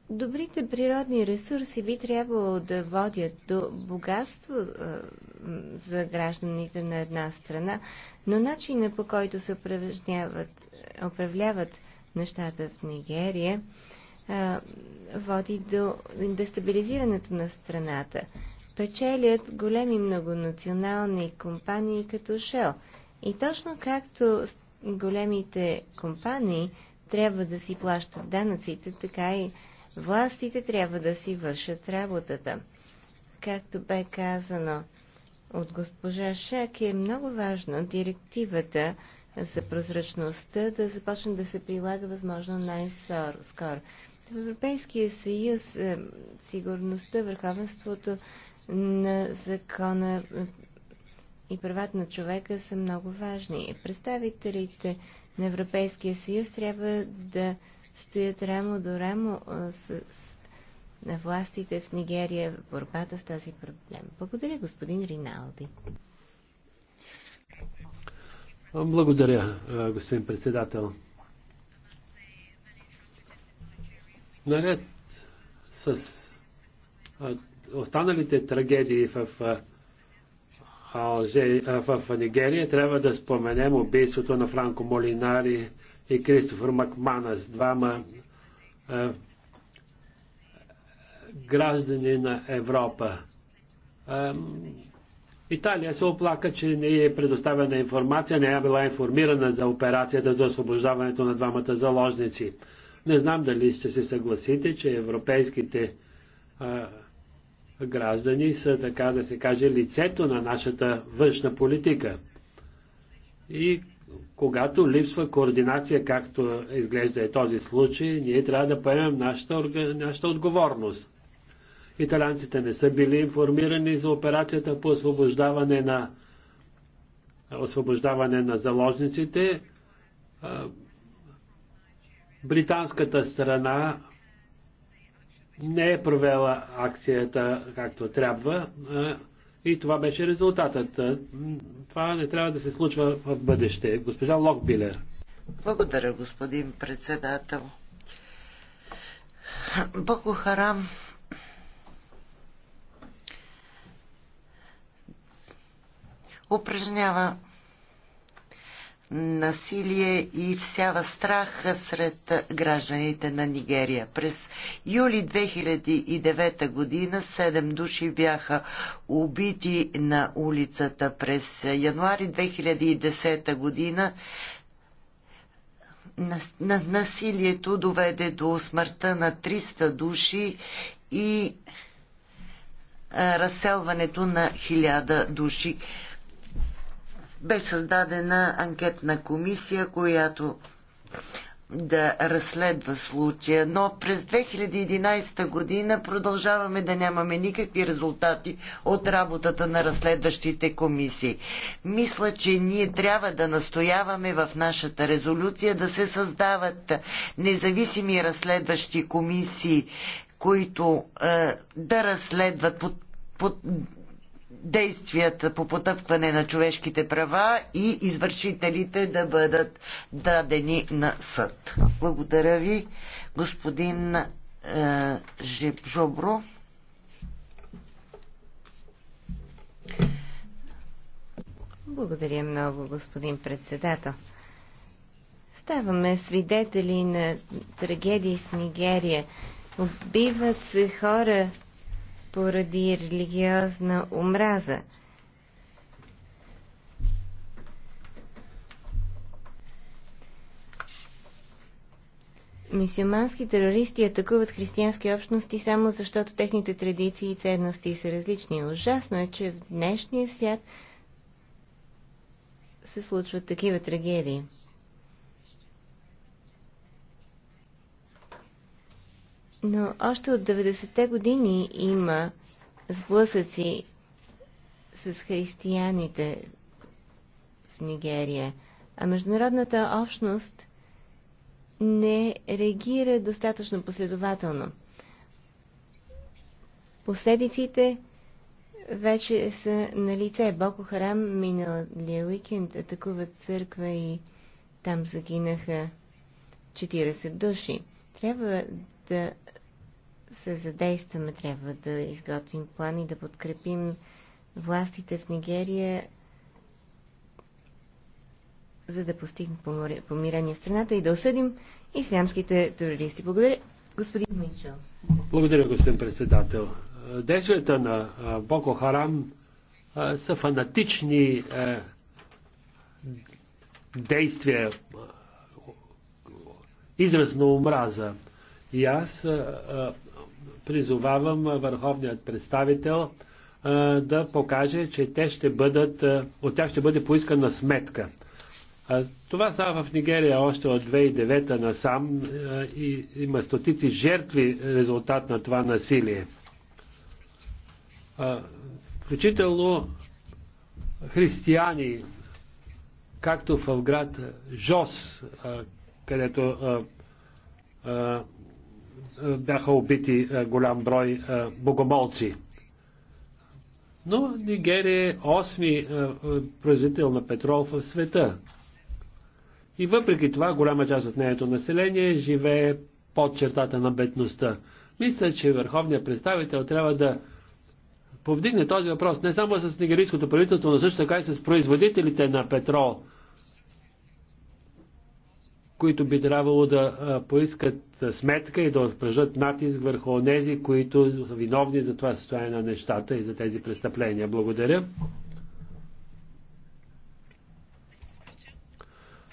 Добрите природни ресурси би трябвало да водят до богатство а, за гражданите на една страна, но начина по който се управляват нещата в Нигерия а, води до дестабилизирането на страната. Печелят големи многонационални компании като Шел. И точно както големите компании трябва да си плащат данъците, така и Властите трябва да си вършат работата. Както бе казано от госпожа Шак, е много важно директивата за прозрачността да започне да се прилага възможно най-скоро. В Европейския съюз е, сигурността, върховенството на закона е, и правата на човека са много важни. Представителите на Европейския съюз трябва да стоят ремо до рамо с, с на властите в Нигерия в борбата с този проблем. Благодаря, господин Риналди. Благодаря, господин председател. Наред с останалите трагедии в, в Нигерия, трябва да споменем убийството на Франко Молинари, и Кристофър Макманас, двама е, граждани на Европа. Е, Италия се оплака, че не е предоставена информация, не е била информирана за операцията за освобождаването на двамата заложници. Не знам дали ще се съгласите, че европейските а, граждани са, така да се каже, лицето на нашата външна политика. И когато липсва координация, както изглежда е този случай, ние трябва да поемем нашата, нашата отговорност. Италянците не са били информирани за операцията по освобождаване на, освобождаване на заложниците. Британската страна не е провела акцията както трябва. И това беше резултатът. Това не трябва да се случва в бъдеще. Госпожа Локбилер. Благодаря, господин председател. Боко Харам упражнява насилие и всява страх сред гражданите на Нигерия. През юли 2009 година седем души бяха убити на улицата. През януари 2010 година насилието доведе до смъртта на 300 души и разселването на 1000 души бе създадена анкетна комисия, която да разследва случая, но през 2011 година продължаваме да нямаме никакви резултати от работата на разследващите комисии. Мисля, че ние трябва да настояваме в нашата резолюция да се създават независими разследващи комисии, които е, да разследват под, под действията по потъпкване на човешките права и извършителите да бъдат дадени на съд. Благодаря ви, господин е, Жип Жобро. Благодаря много, господин председател. Ставаме свидетели на трагедии в Нигерия. Убиват се хора, поради религиозна омраза. Мисиомански терористи атакуват християнски общности само защото техните традиции и ценности са различни. Ужасно е, че в днешния свят се случват такива трагедии. Но още от 90-те години има сблъсъци с християните в Нигерия, а международната общност не реагира достатъчно последователно. Последиците вече са на лице. Боко Харам миналия уикенд атакуват църква и там загинаха 40 души. Трябва да се задействаме. Трябва да изготвим план и да подкрепим властите в Нигерия, за да постигнем помирение в страната и да осъдим ислямските терористи. Благодаря, господин Мичел. Благодаря, господин председател. Действията на Боко Харам са фанатични е, действия, израз на омраза. И аз призовавам върховният представител да покаже, че те ще бъдат, от тях ще бъде поискана сметка. Това става в Нигерия още от 2009 насам и има стотици жертви резултат на това насилие. Включително християни, както в град Жос, където бяха убити е, голям брой е, богомолци. Но Нигерия е осми е, производител на петрол в света. И въпреки това, голяма част от нейното население живее под чертата на бедността. Мисля, че върховният представител трябва да повдигне този въпрос не само с нигерийското правителство, но също така и с производителите на петрол – които би трябвало да поискат сметка и да отпръжат натиск върху тези, които са виновни за това състояние на нещата и за тези престъпления. Благодаря.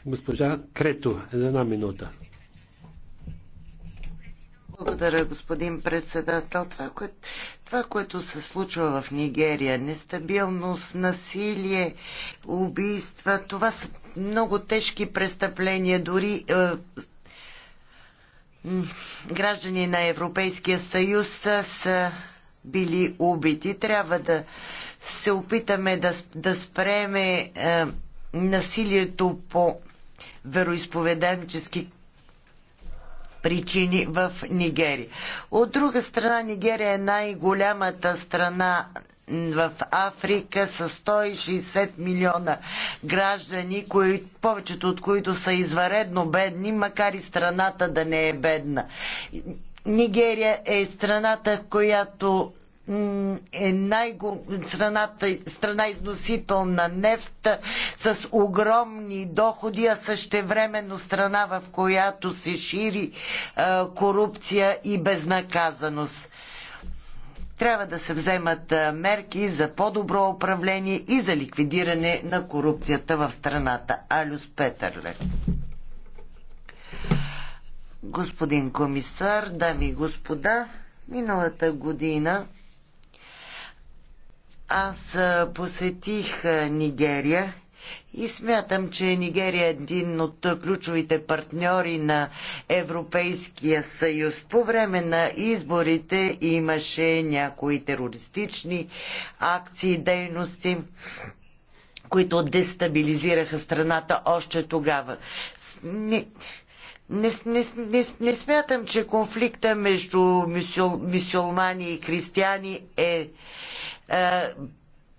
Госпожа Крето, една минута. Благодаря, господин председател. Това, кое, това, което се случва в Нигерия, нестабилност, насилие, убийства, това са много тежки престъпления, дори е, граждани на Европейския съюз са, са били убити. Трябва да се опитаме да, да спреме е, насилието по вероисповеданчески причини в Нигерия. От друга страна, Нигерия е най-голямата страна в Африка с 160 милиона граждани, кои, повечето от които са изваредно бедни, макар и страната да не е бедна. Нигерия е страната, която е най страната, страна износител на нефт с огромни доходи, а същевременно страна, в която се шири е, корупция и безнаказаност трябва да се вземат мерки за по-добро управление и за ликвидиране на корупцията в страната. Алюс Петърле. Господин комисар, дами и господа, миналата година аз посетих Нигерия и смятам, че Нигерия е един от ключовите партньори на Европейския съюз. По време на изборите имаше някои терористични акции, дейности, които дестабилизираха страната още тогава. Не, не, не, не, не смятам, че конфликта между мисюлмани и християни е, е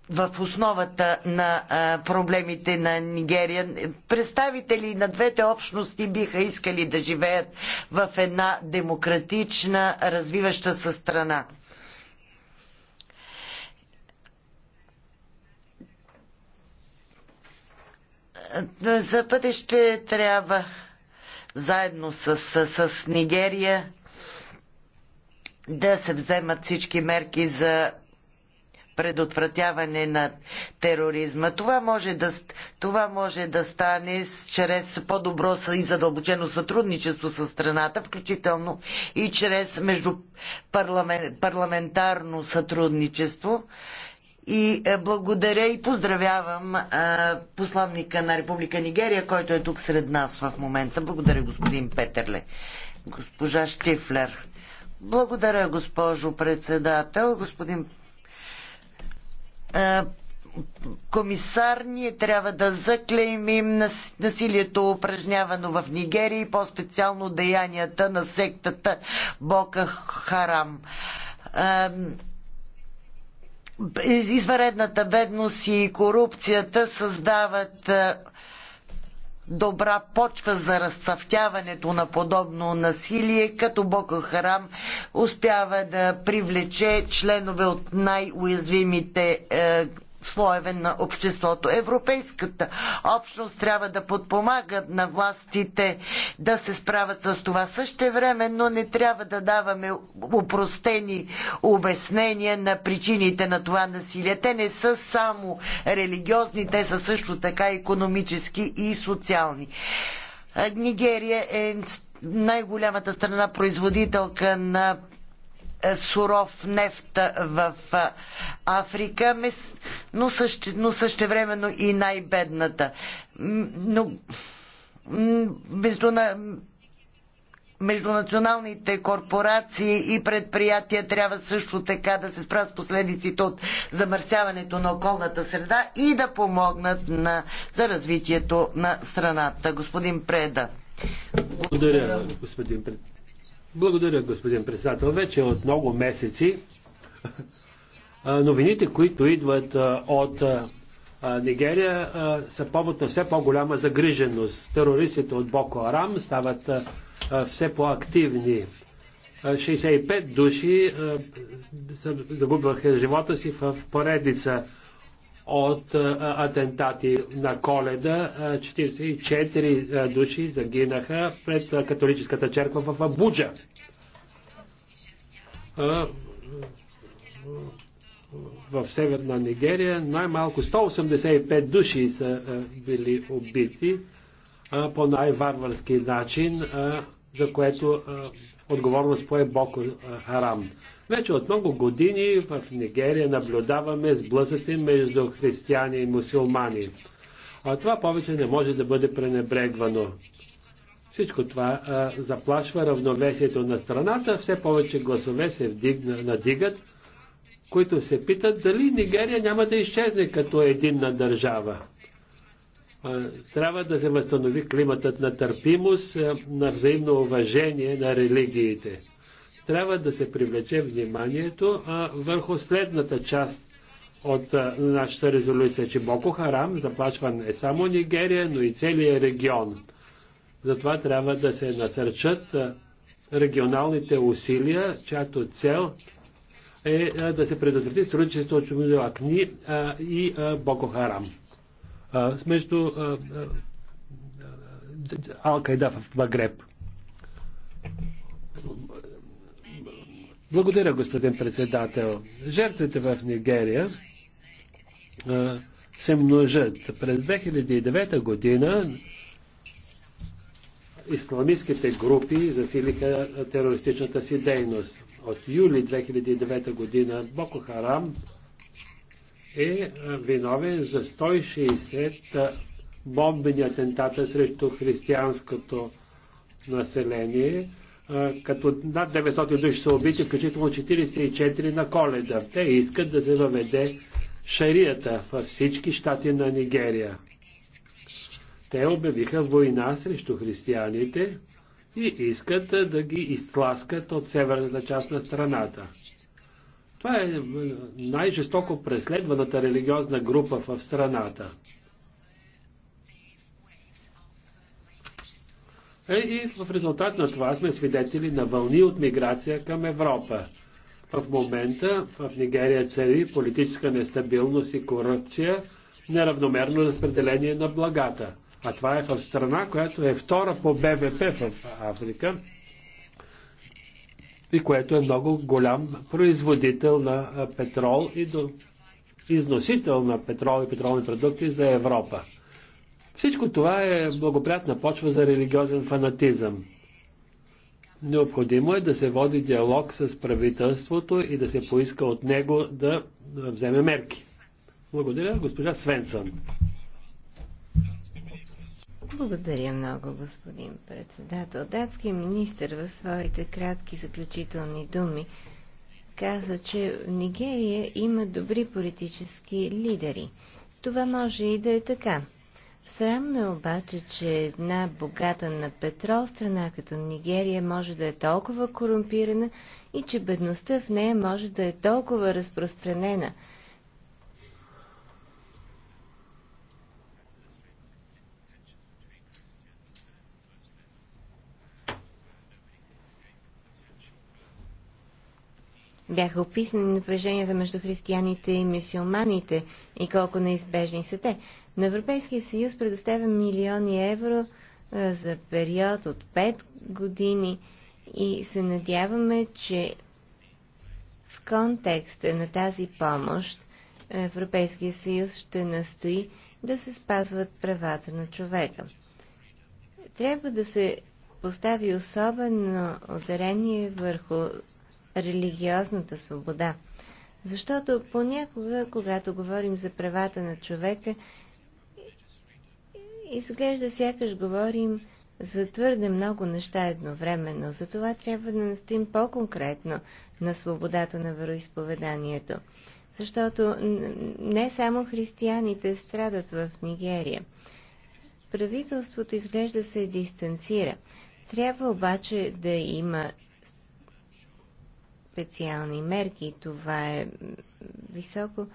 в основата на проблемите на Нигерия. Представители на двете общности биха искали да живеят в една демократична, развиваща се страна. За пътеще трябва заедно с, с, с Нигерия да се вземат всички мерки за предотвратяване на тероризма. Това може да, това може да стане чрез по-добро и задълбочено сътрудничество с страната, включително и чрез междупарламентарно сътрудничество. И е, благодаря и поздравявам е, посланника на Република Нигерия, който е тук сред нас в момента. Благодаря, господин Петерле. Госпожа Штифлер. Благодаря, госпожо председател. Господин е, комисар, ние трябва да заклеймим насилието упражнявано в Нигерия и по-специално деянията на сектата Бока Харам. Е, Изваредната бедност и корупцията създават е, добра почва за разцъфтяването на подобно насилие, като Боко Харам успява да привлече членове от най-уязвимите е, слоеве на обществото. Европейската общност трябва да подпомага на властите да се справят с това. Също време, но не трябва да даваме упростени обяснения на причините на това насилие. Те не са само религиозни, те са също така економически и социални. Нигерия е най-голямата страна производителка на е, суров нефт е, в е, Африка, но, също, но същевременно и най-бедната. Но междуна, междунационалните корпорации и предприятия трябва също така да се справят с последиците от замърсяването на околната среда и да помогнат на, за развитието на страната. Господин Преда. Благодаря, господин Преда. Благодаря, господин председател. Вече от много месеци новините, които идват от Нигерия, са повод на все по-голяма загриженост. Терористите от Боко Арам стават все по-активни. 65 души загубваха живота си в поредица от атентати на коледа. 44 души загинаха пред католическата черква в Абуджа. В северна Нигерия най-малко 185 души са били убити по най-варварски начин за което отговорност пое Боко Харам. Вече от много години в Нигерия наблюдаваме сблъсъци между християни и мусулмани. А това повече не може да бъде пренебрегвано. Всичко това а, заплашва равновесието на страната. Все повече гласове се вдигна, надигат, които се питат дали Нигерия няма да изчезне като единна държава. Трябва да се възстанови климатът на търпимост, на взаимно уважение на религиите. Трябва да се привлече вниманието върху следната част от нашата резолюция, че Боко Харам заплашва не само Нигерия, но и целия регион. Затова трябва да се насърчат регионалните усилия, чиято цел е да се предотврати сътрудничество от Чумило Акни и Боко Харам между Ал-Кайда в Магреб. Благодаря, господин председател. Жертвите в Нигерия се множат. През 2009 година исламистските групи засилиха терористичната си дейност. От юли 2009 година Боко Харам е виновен за 160 бомбени атентата срещу християнското население, като над 900 души са убити, включително 44 на коледа. Те искат да се въведе шарията във всички щати на Нигерия. Те обявиха война срещу християните и искат да ги изтласкат от северната част на страната. Това е, е най-жестоко преследваната религиозна група в страната. Е, и в резултат на това сме свидетели на вълни от миграция към Европа. В момента в Нигерия цари политическа нестабилност и корупция, неравномерно разпределение на благата. А това е в страна, която е втора по БВП в Африка и което е много голям производител на петрол и до износител на петрол и петролни продукти за Европа. Всичко това е благоприятна почва за религиозен фанатизъм. Необходимо е да се води диалог с правителството и да се поиска от него да вземе мерки. Благодаря, госпожа Свенсън. Благодаря много, господин председател. Датският министр в своите кратки заключителни думи каза, че в Нигерия има добри политически лидери. Това може и да е така. Срамно е обаче, че една богата на петрол страна като Нигерия може да е толкова корумпирана и че бедността в нея може да е толкова разпространена – бяха описани напреженията между християните и мусулманите, и колко неизбежни са те. На Европейския съюз предоставя милиони евро за период от 5 години и се надяваме, че в контекста на тази помощ Европейския съюз ще настои да се спазват правата на човека. Трябва да се постави особено ударение върху религиозната свобода. Защото понякога, когато говорим за правата на човека, изглежда сякаш говорим за твърде много неща едновременно. Затова трябва да настоим по-конкретно на свободата на вероисповеданието. Защото не само християните страдат в Нигерия. Правителството изглежда се дистанцира. Трябва обаче да има специални мерки. Това е високо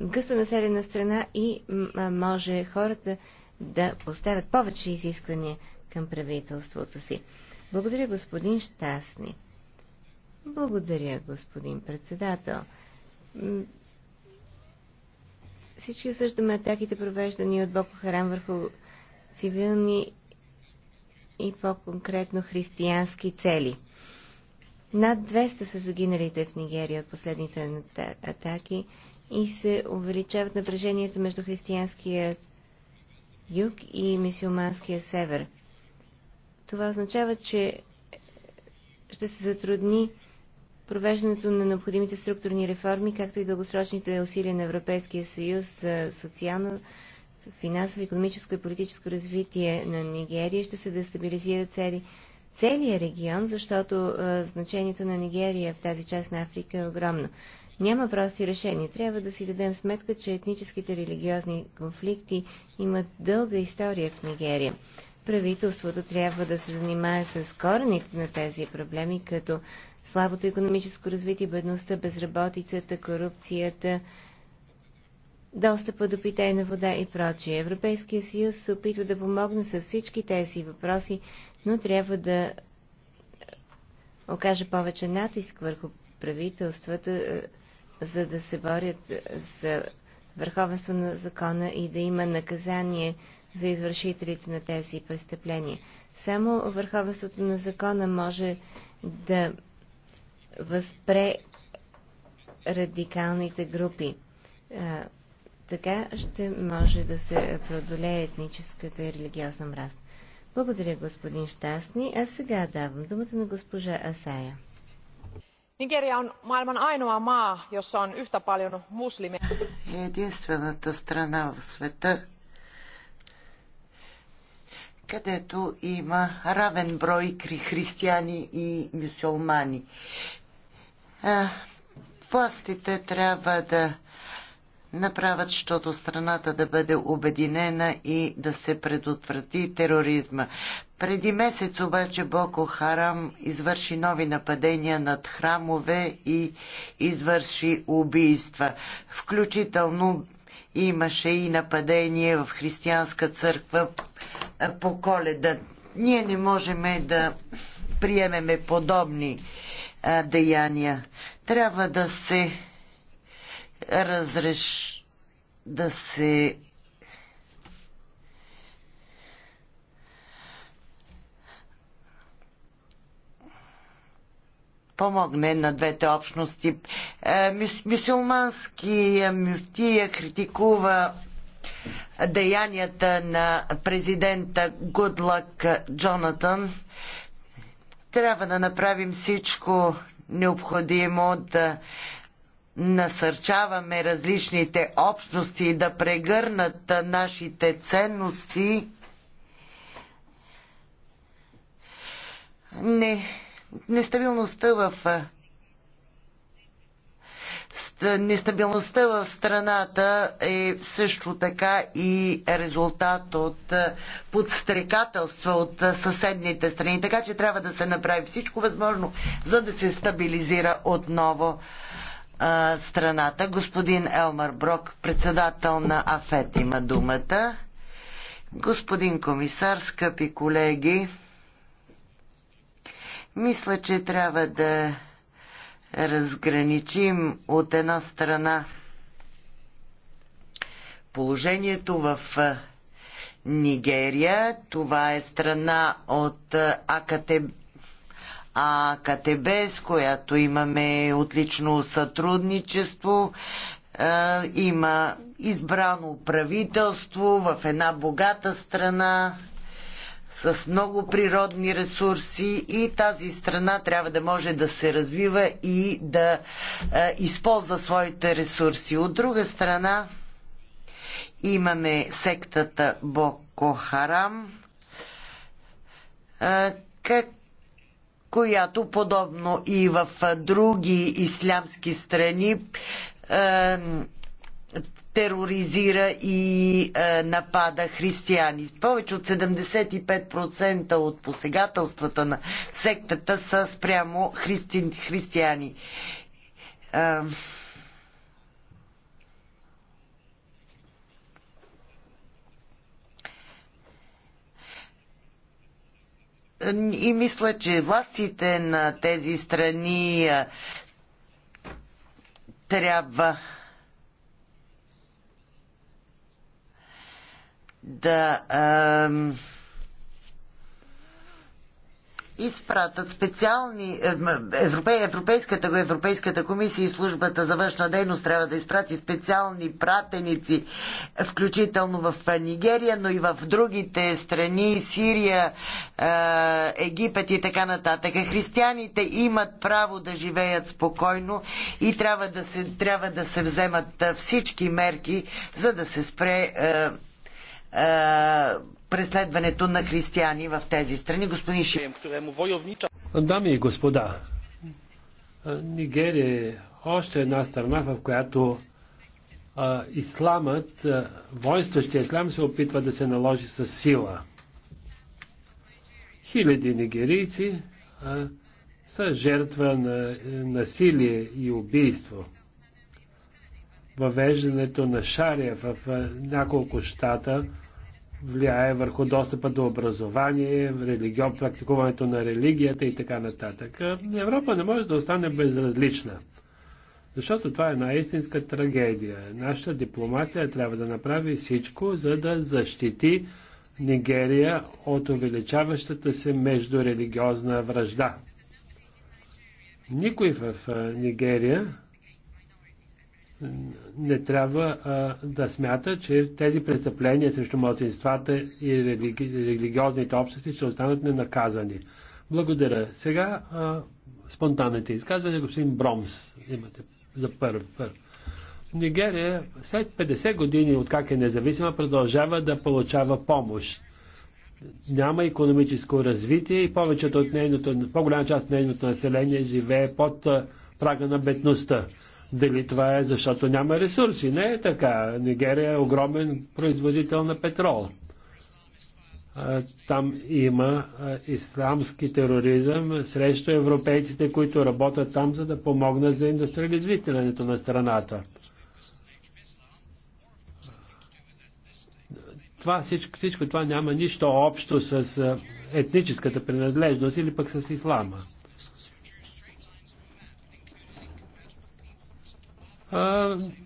гъсто населена страна и може хората да поставят повече изисквания към правителството си. Благодаря, господин Щастни. Благодаря, господин председател. Всички осъждаме атаките, провеждани от Боко Харам върху цивилни и по-конкретно християнски цели. Над 200 са загиналите в Нигерия от последните атаки и се увеличават напреженията между християнския юг и мисиоманския север. Това означава, че ще се затрудни провеждането на необходимите структурни реформи, както и дългосрочните усилия на Европейския съюз за социално, финансово, економическо и политическо развитие на Нигерия. Ще се дестабилизират цели целия регион, защото значението на Нигерия в тази част на Африка е огромно. Няма прости решения. Трябва да си дадем сметка, че етническите религиозни конфликти имат дълга история в Нигерия. Правителството трябва да се занимае с корените на тези проблеми, като слабото економическо развитие, бедността, безработицата, корупцията, достъпа до питейна вода и прочие. Европейския съюз се опитва да помогне с всички тези въпроси, но трябва да окаже повече натиск върху правителствата, е, за да се борят е, за върховенство на закона и да има наказание за извършителите на тези престъпления. Само върховенството на закона може да възпре радикалните групи. Е, така ще може да се преодолее етническата и религиозна мраз. Благодаря, господин Щастни. А сега давам думата на госпожа Асая. Nigeria on maailman ainoa maa, jossa on yhtä paljon Единствената страна в света, където има равен брой християни и мюсюлмани. Властите трябва да направят, защото страната да бъде обединена и да се предотврати тероризма. Преди месец обаче Боко Харам извърши нови нападения над храмове и извърши убийства. Включително имаше и нападение в християнска църква по коледа. Ние не можем да приемеме подобни деяния. Трябва да се разреш да се помогне на двете общности. Е, мюсюлмански е, мюфтия критикува деянията на президента Гудлак Джонатан. Трябва да направим всичко необходимо да насърчаваме различните общности да прегърнат нашите ценности, не, нестабилността в Нестабилността в страната е също така и резултат от подстрекателства от съседните страни. Така че трябва да се направи всичко възможно, за да се стабилизира отново страната. Господин Елмар Брок, председател на АФЕТ, има думата. Господин комисар, скъпи колеги, мисля, че трябва да разграничим от една страна положението в Нигерия. Това е страна от АКТБ а КТБ, с която имаме отлично сътрудничество, има избрано правителство в една богата страна с много природни ресурси и тази страна трябва да може да се развива и да използва своите ресурси. От друга страна имаме сектата Боко Харам, как която подобно и в други ислямски страни е, тероризира и е, напада християни. Повече от 75% от посегателствата на сектата са спрямо христи, християни. Е, и мисля, че властите на тези страни трябва да изпратят специални е, Европейската, Европейската комисия и службата за външна дейност трябва да изпрати специални пратеници, включително в Нигерия, но и в другите страни, Сирия, е, Египет и така нататък. Християните имат право да живеят спокойно и трябва да се, трябва да се вземат е, всички мерки, за да се спре е, е, преследването на християни в тези страни. Господин Шим. Дами и господа, Нигерия е още една страна, в която а, исламът, воинстващия ислам се опитва да се наложи с сила. Хиляди нигерийци а, са жертва на насилие и убийство. Въвеждането на шария в няколко щата влияе върху достъпа до образование, религио, практикуването на религията и така нататък. Европа не може да остане безразлична. Защото това е една истинска трагедия. Нашата дипломация трябва да направи всичко, за да защити Нигерия от увеличаващата се междурелигиозна връжда. Никой в Нигерия не трябва а, да смята, че тези престъпления срещу младсинствата и религи... религиозните общности ще останат ненаказани. Благодаря. Сега а, спонтанните изказвания. Господин Бромс, имате за първ. първ. Нигерия след 50 години, как е независима, продължава да получава помощ. Няма економическо развитие и повечето от нейното, по-голяма част от нейното население живее под прага на бедността дали това е защото няма ресурси. Не е така. Нигерия е огромен производител на петрол. Там има исламски тероризъм срещу европейците, които работят там, за да помогнат за индустриализирането на страната. Това, всичко, всичко това няма нищо общо с етническата принадлежност или пък с ислама.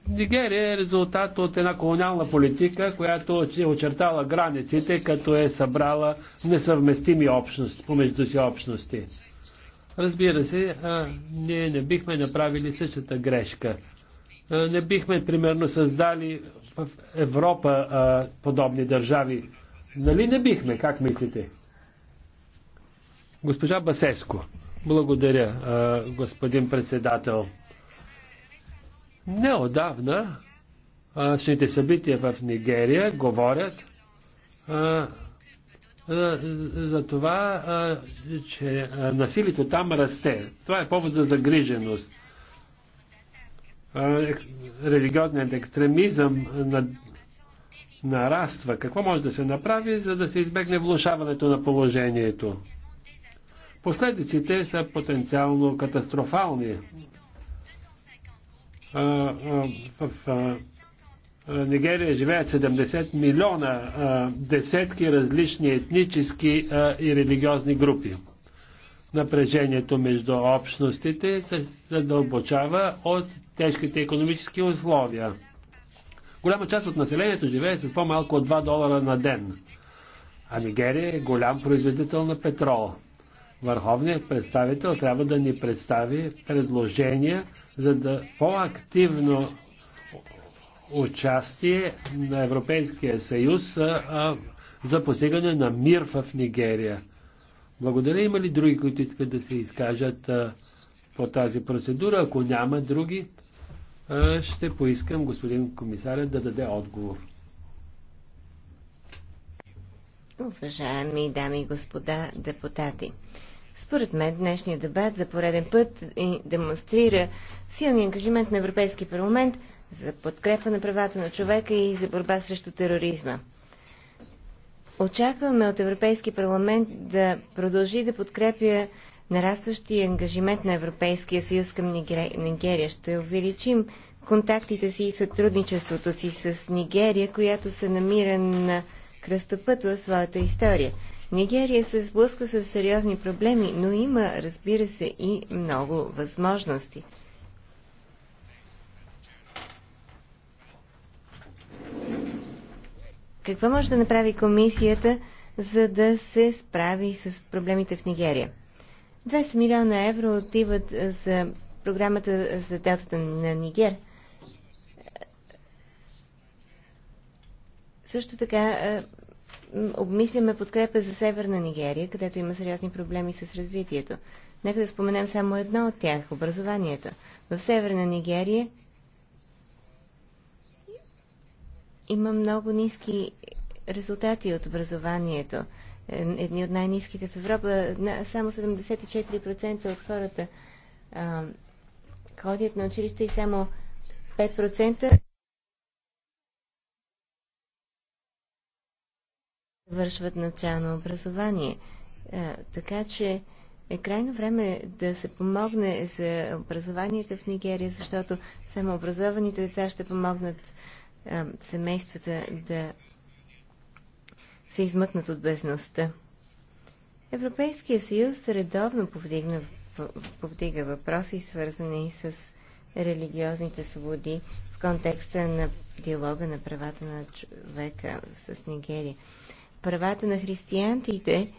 Нигерия е резултат от една колониална политика, която е очертала границите, като е събрала несъвместими общности, помежду си общности. Разбира се, а, ние не бихме направили същата грешка. А, не бихме, примерно, създали в Европа а, подобни държави. Нали не бихме? Как мислите? Госпожа Басеско. Благодаря, а, господин председател. Неодавна шните събития в Нигерия говорят а, за това, а, че насилието там расте. Това е повод за загриженост. Ек, религиозният екстремизъм на, нараства. Какво може да се направи, за да се избегне влушаването на положението? Последиците са потенциално катастрофални в Нигерия живеят 70 милиона, десетки различни етнически и религиозни групи. Напрежението между общностите се задълбочава от тежките економически условия. Голяма част от населението живее с по-малко от 2 долара на ден. А Нигерия е голям производител на петрол. Върховният представител трябва да ни представи предложения за да по-активно участие на Европейския съюз а, а, за постигане на мир в Нигерия. Благодаря. Има ли други, които искат да се изкажат а, по тази процедура? Ако няма други, а, ще поискам господин комисарят да даде отговор. Уважаеми дами и господа депутати, според мен днешният дебат за пореден път демонстрира силния ангажимент на Европейски парламент за подкрепа на правата на човека и за борба срещу тероризма. Очакваме от Европейски парламент да продължи да подкрепя нарастващия ангажимент на Европейския съюз към Нигерия. Ще увеличим контактите си и сътрудничеството си с Нигерия, която се намира на кръстопът в своята история. Нигерия се сблъсква с сериозни проблеми, но има, разбира се, и много възможности. Какво може да направи комисията, за да се справи с проблемите в Нигерия? 20 милиона евро отиват за програмата за делтата на Нигер. Също така обмисляме подкрепа за Северна Нигерия, където има сериозни проблеми с развитието. Нека да споменем само едно от тях – образованието. В Северна Нигерия има много ниски резултати от образованието. Е, едни от най-низките в Европа. Само 74% от хората а, ходят на училище и само 5% вършват начално образование. Е, така че е крайно време да се помогне за образованието в Нигерия, защото само образованите деца ще помогнат е, семействата да се измъкнат от безността. Европейския съюз редовно повдигна, повдига въпроси, свързани с религиозните свободи в контекста на диалога на правата на човека с Нигерия правата на християните,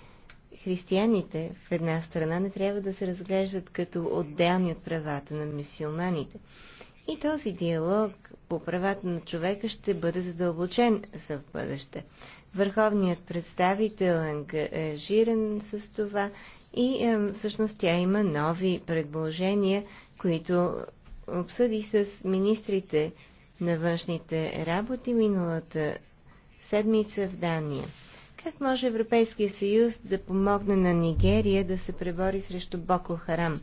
християните в една страна не трябва да се разглеждат като отделни от правата на мюсюлманите. И този диалог по правата на човека ще бъде задълбочен за в бъдеще. Върховният представител е ангажиран с това и всъщност тя има нови предложения, които обсъди с министрите на външните работи миналата седмица в Дания. Как може Европейския съюз да помогне на Нигерия да се пребори срещу Боко Харам?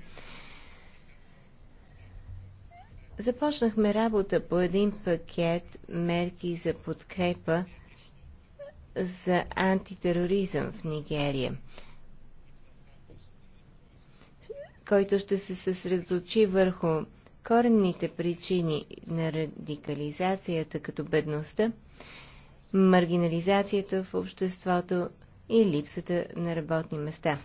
Започнахме работа по един пакет мерки за подкрепа за антитероризъм в Нигерия, който ще се съсредоточи върху коренните причини на радикализацията като бедността – маргинализацията в обществото и липсата на работни места.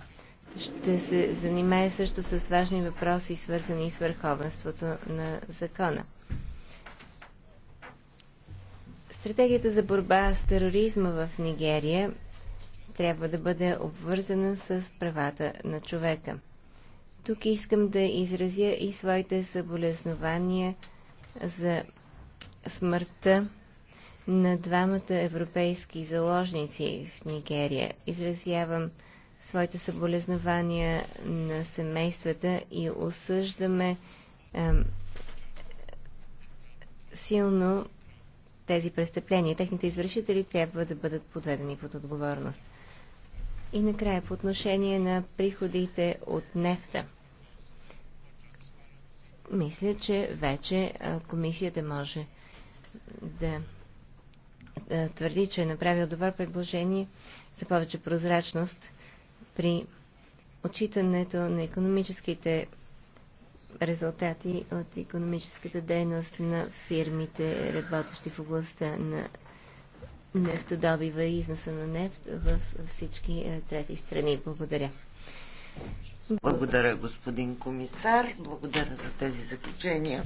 Ще се занимая също с важни въпроси, свързани с върховенството на закона. Стратегията за борба с тероризма в Нигерия трябва да бъде обвързана с правата на човека. Тук искам да изразя и своите съболезнования за смъртта на двамата европейски заложници в Нигерия. Изразявам своите съболезнования на семействата и осъждаме е, силно тези престъпления. Техните извършители трябва да бъдат подведени под отговорност. И накрая по отношение на приходите от нефта. Мисля, че вече комисията може да е, твърди, че е направил добро предложение за повече прозрачност при отчитането на економическите резултати от економическата дейност на фирмите, работещи в областта на нефтодобива и износа на нефт в всички е, трети страни. Благодаря. Благодаря, господин комисар. Благодаря за тези заключения.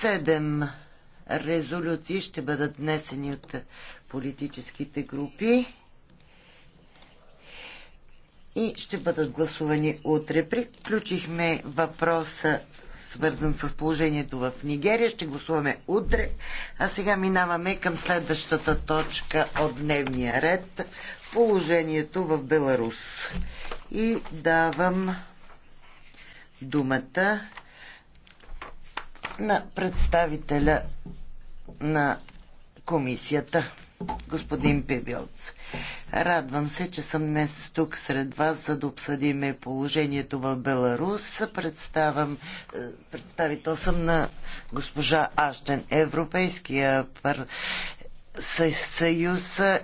Седем резолюции ще бъдат внесени от политическите групи и ще бъдат гласувани утре. Приключихме въпроса свързан с положението в Нигерия. Ще гласуваме утре. А сега минаваме към следващата точка от дневния ред. Положението в Беларус. И давам думата на представителя на комисията, господин Пебилц. Радвам се, че съм днес тук сред вас, за да обсъдиме положението в Беларус. Представам, е, представител съм на госпожа Аштен. Европейския съюз е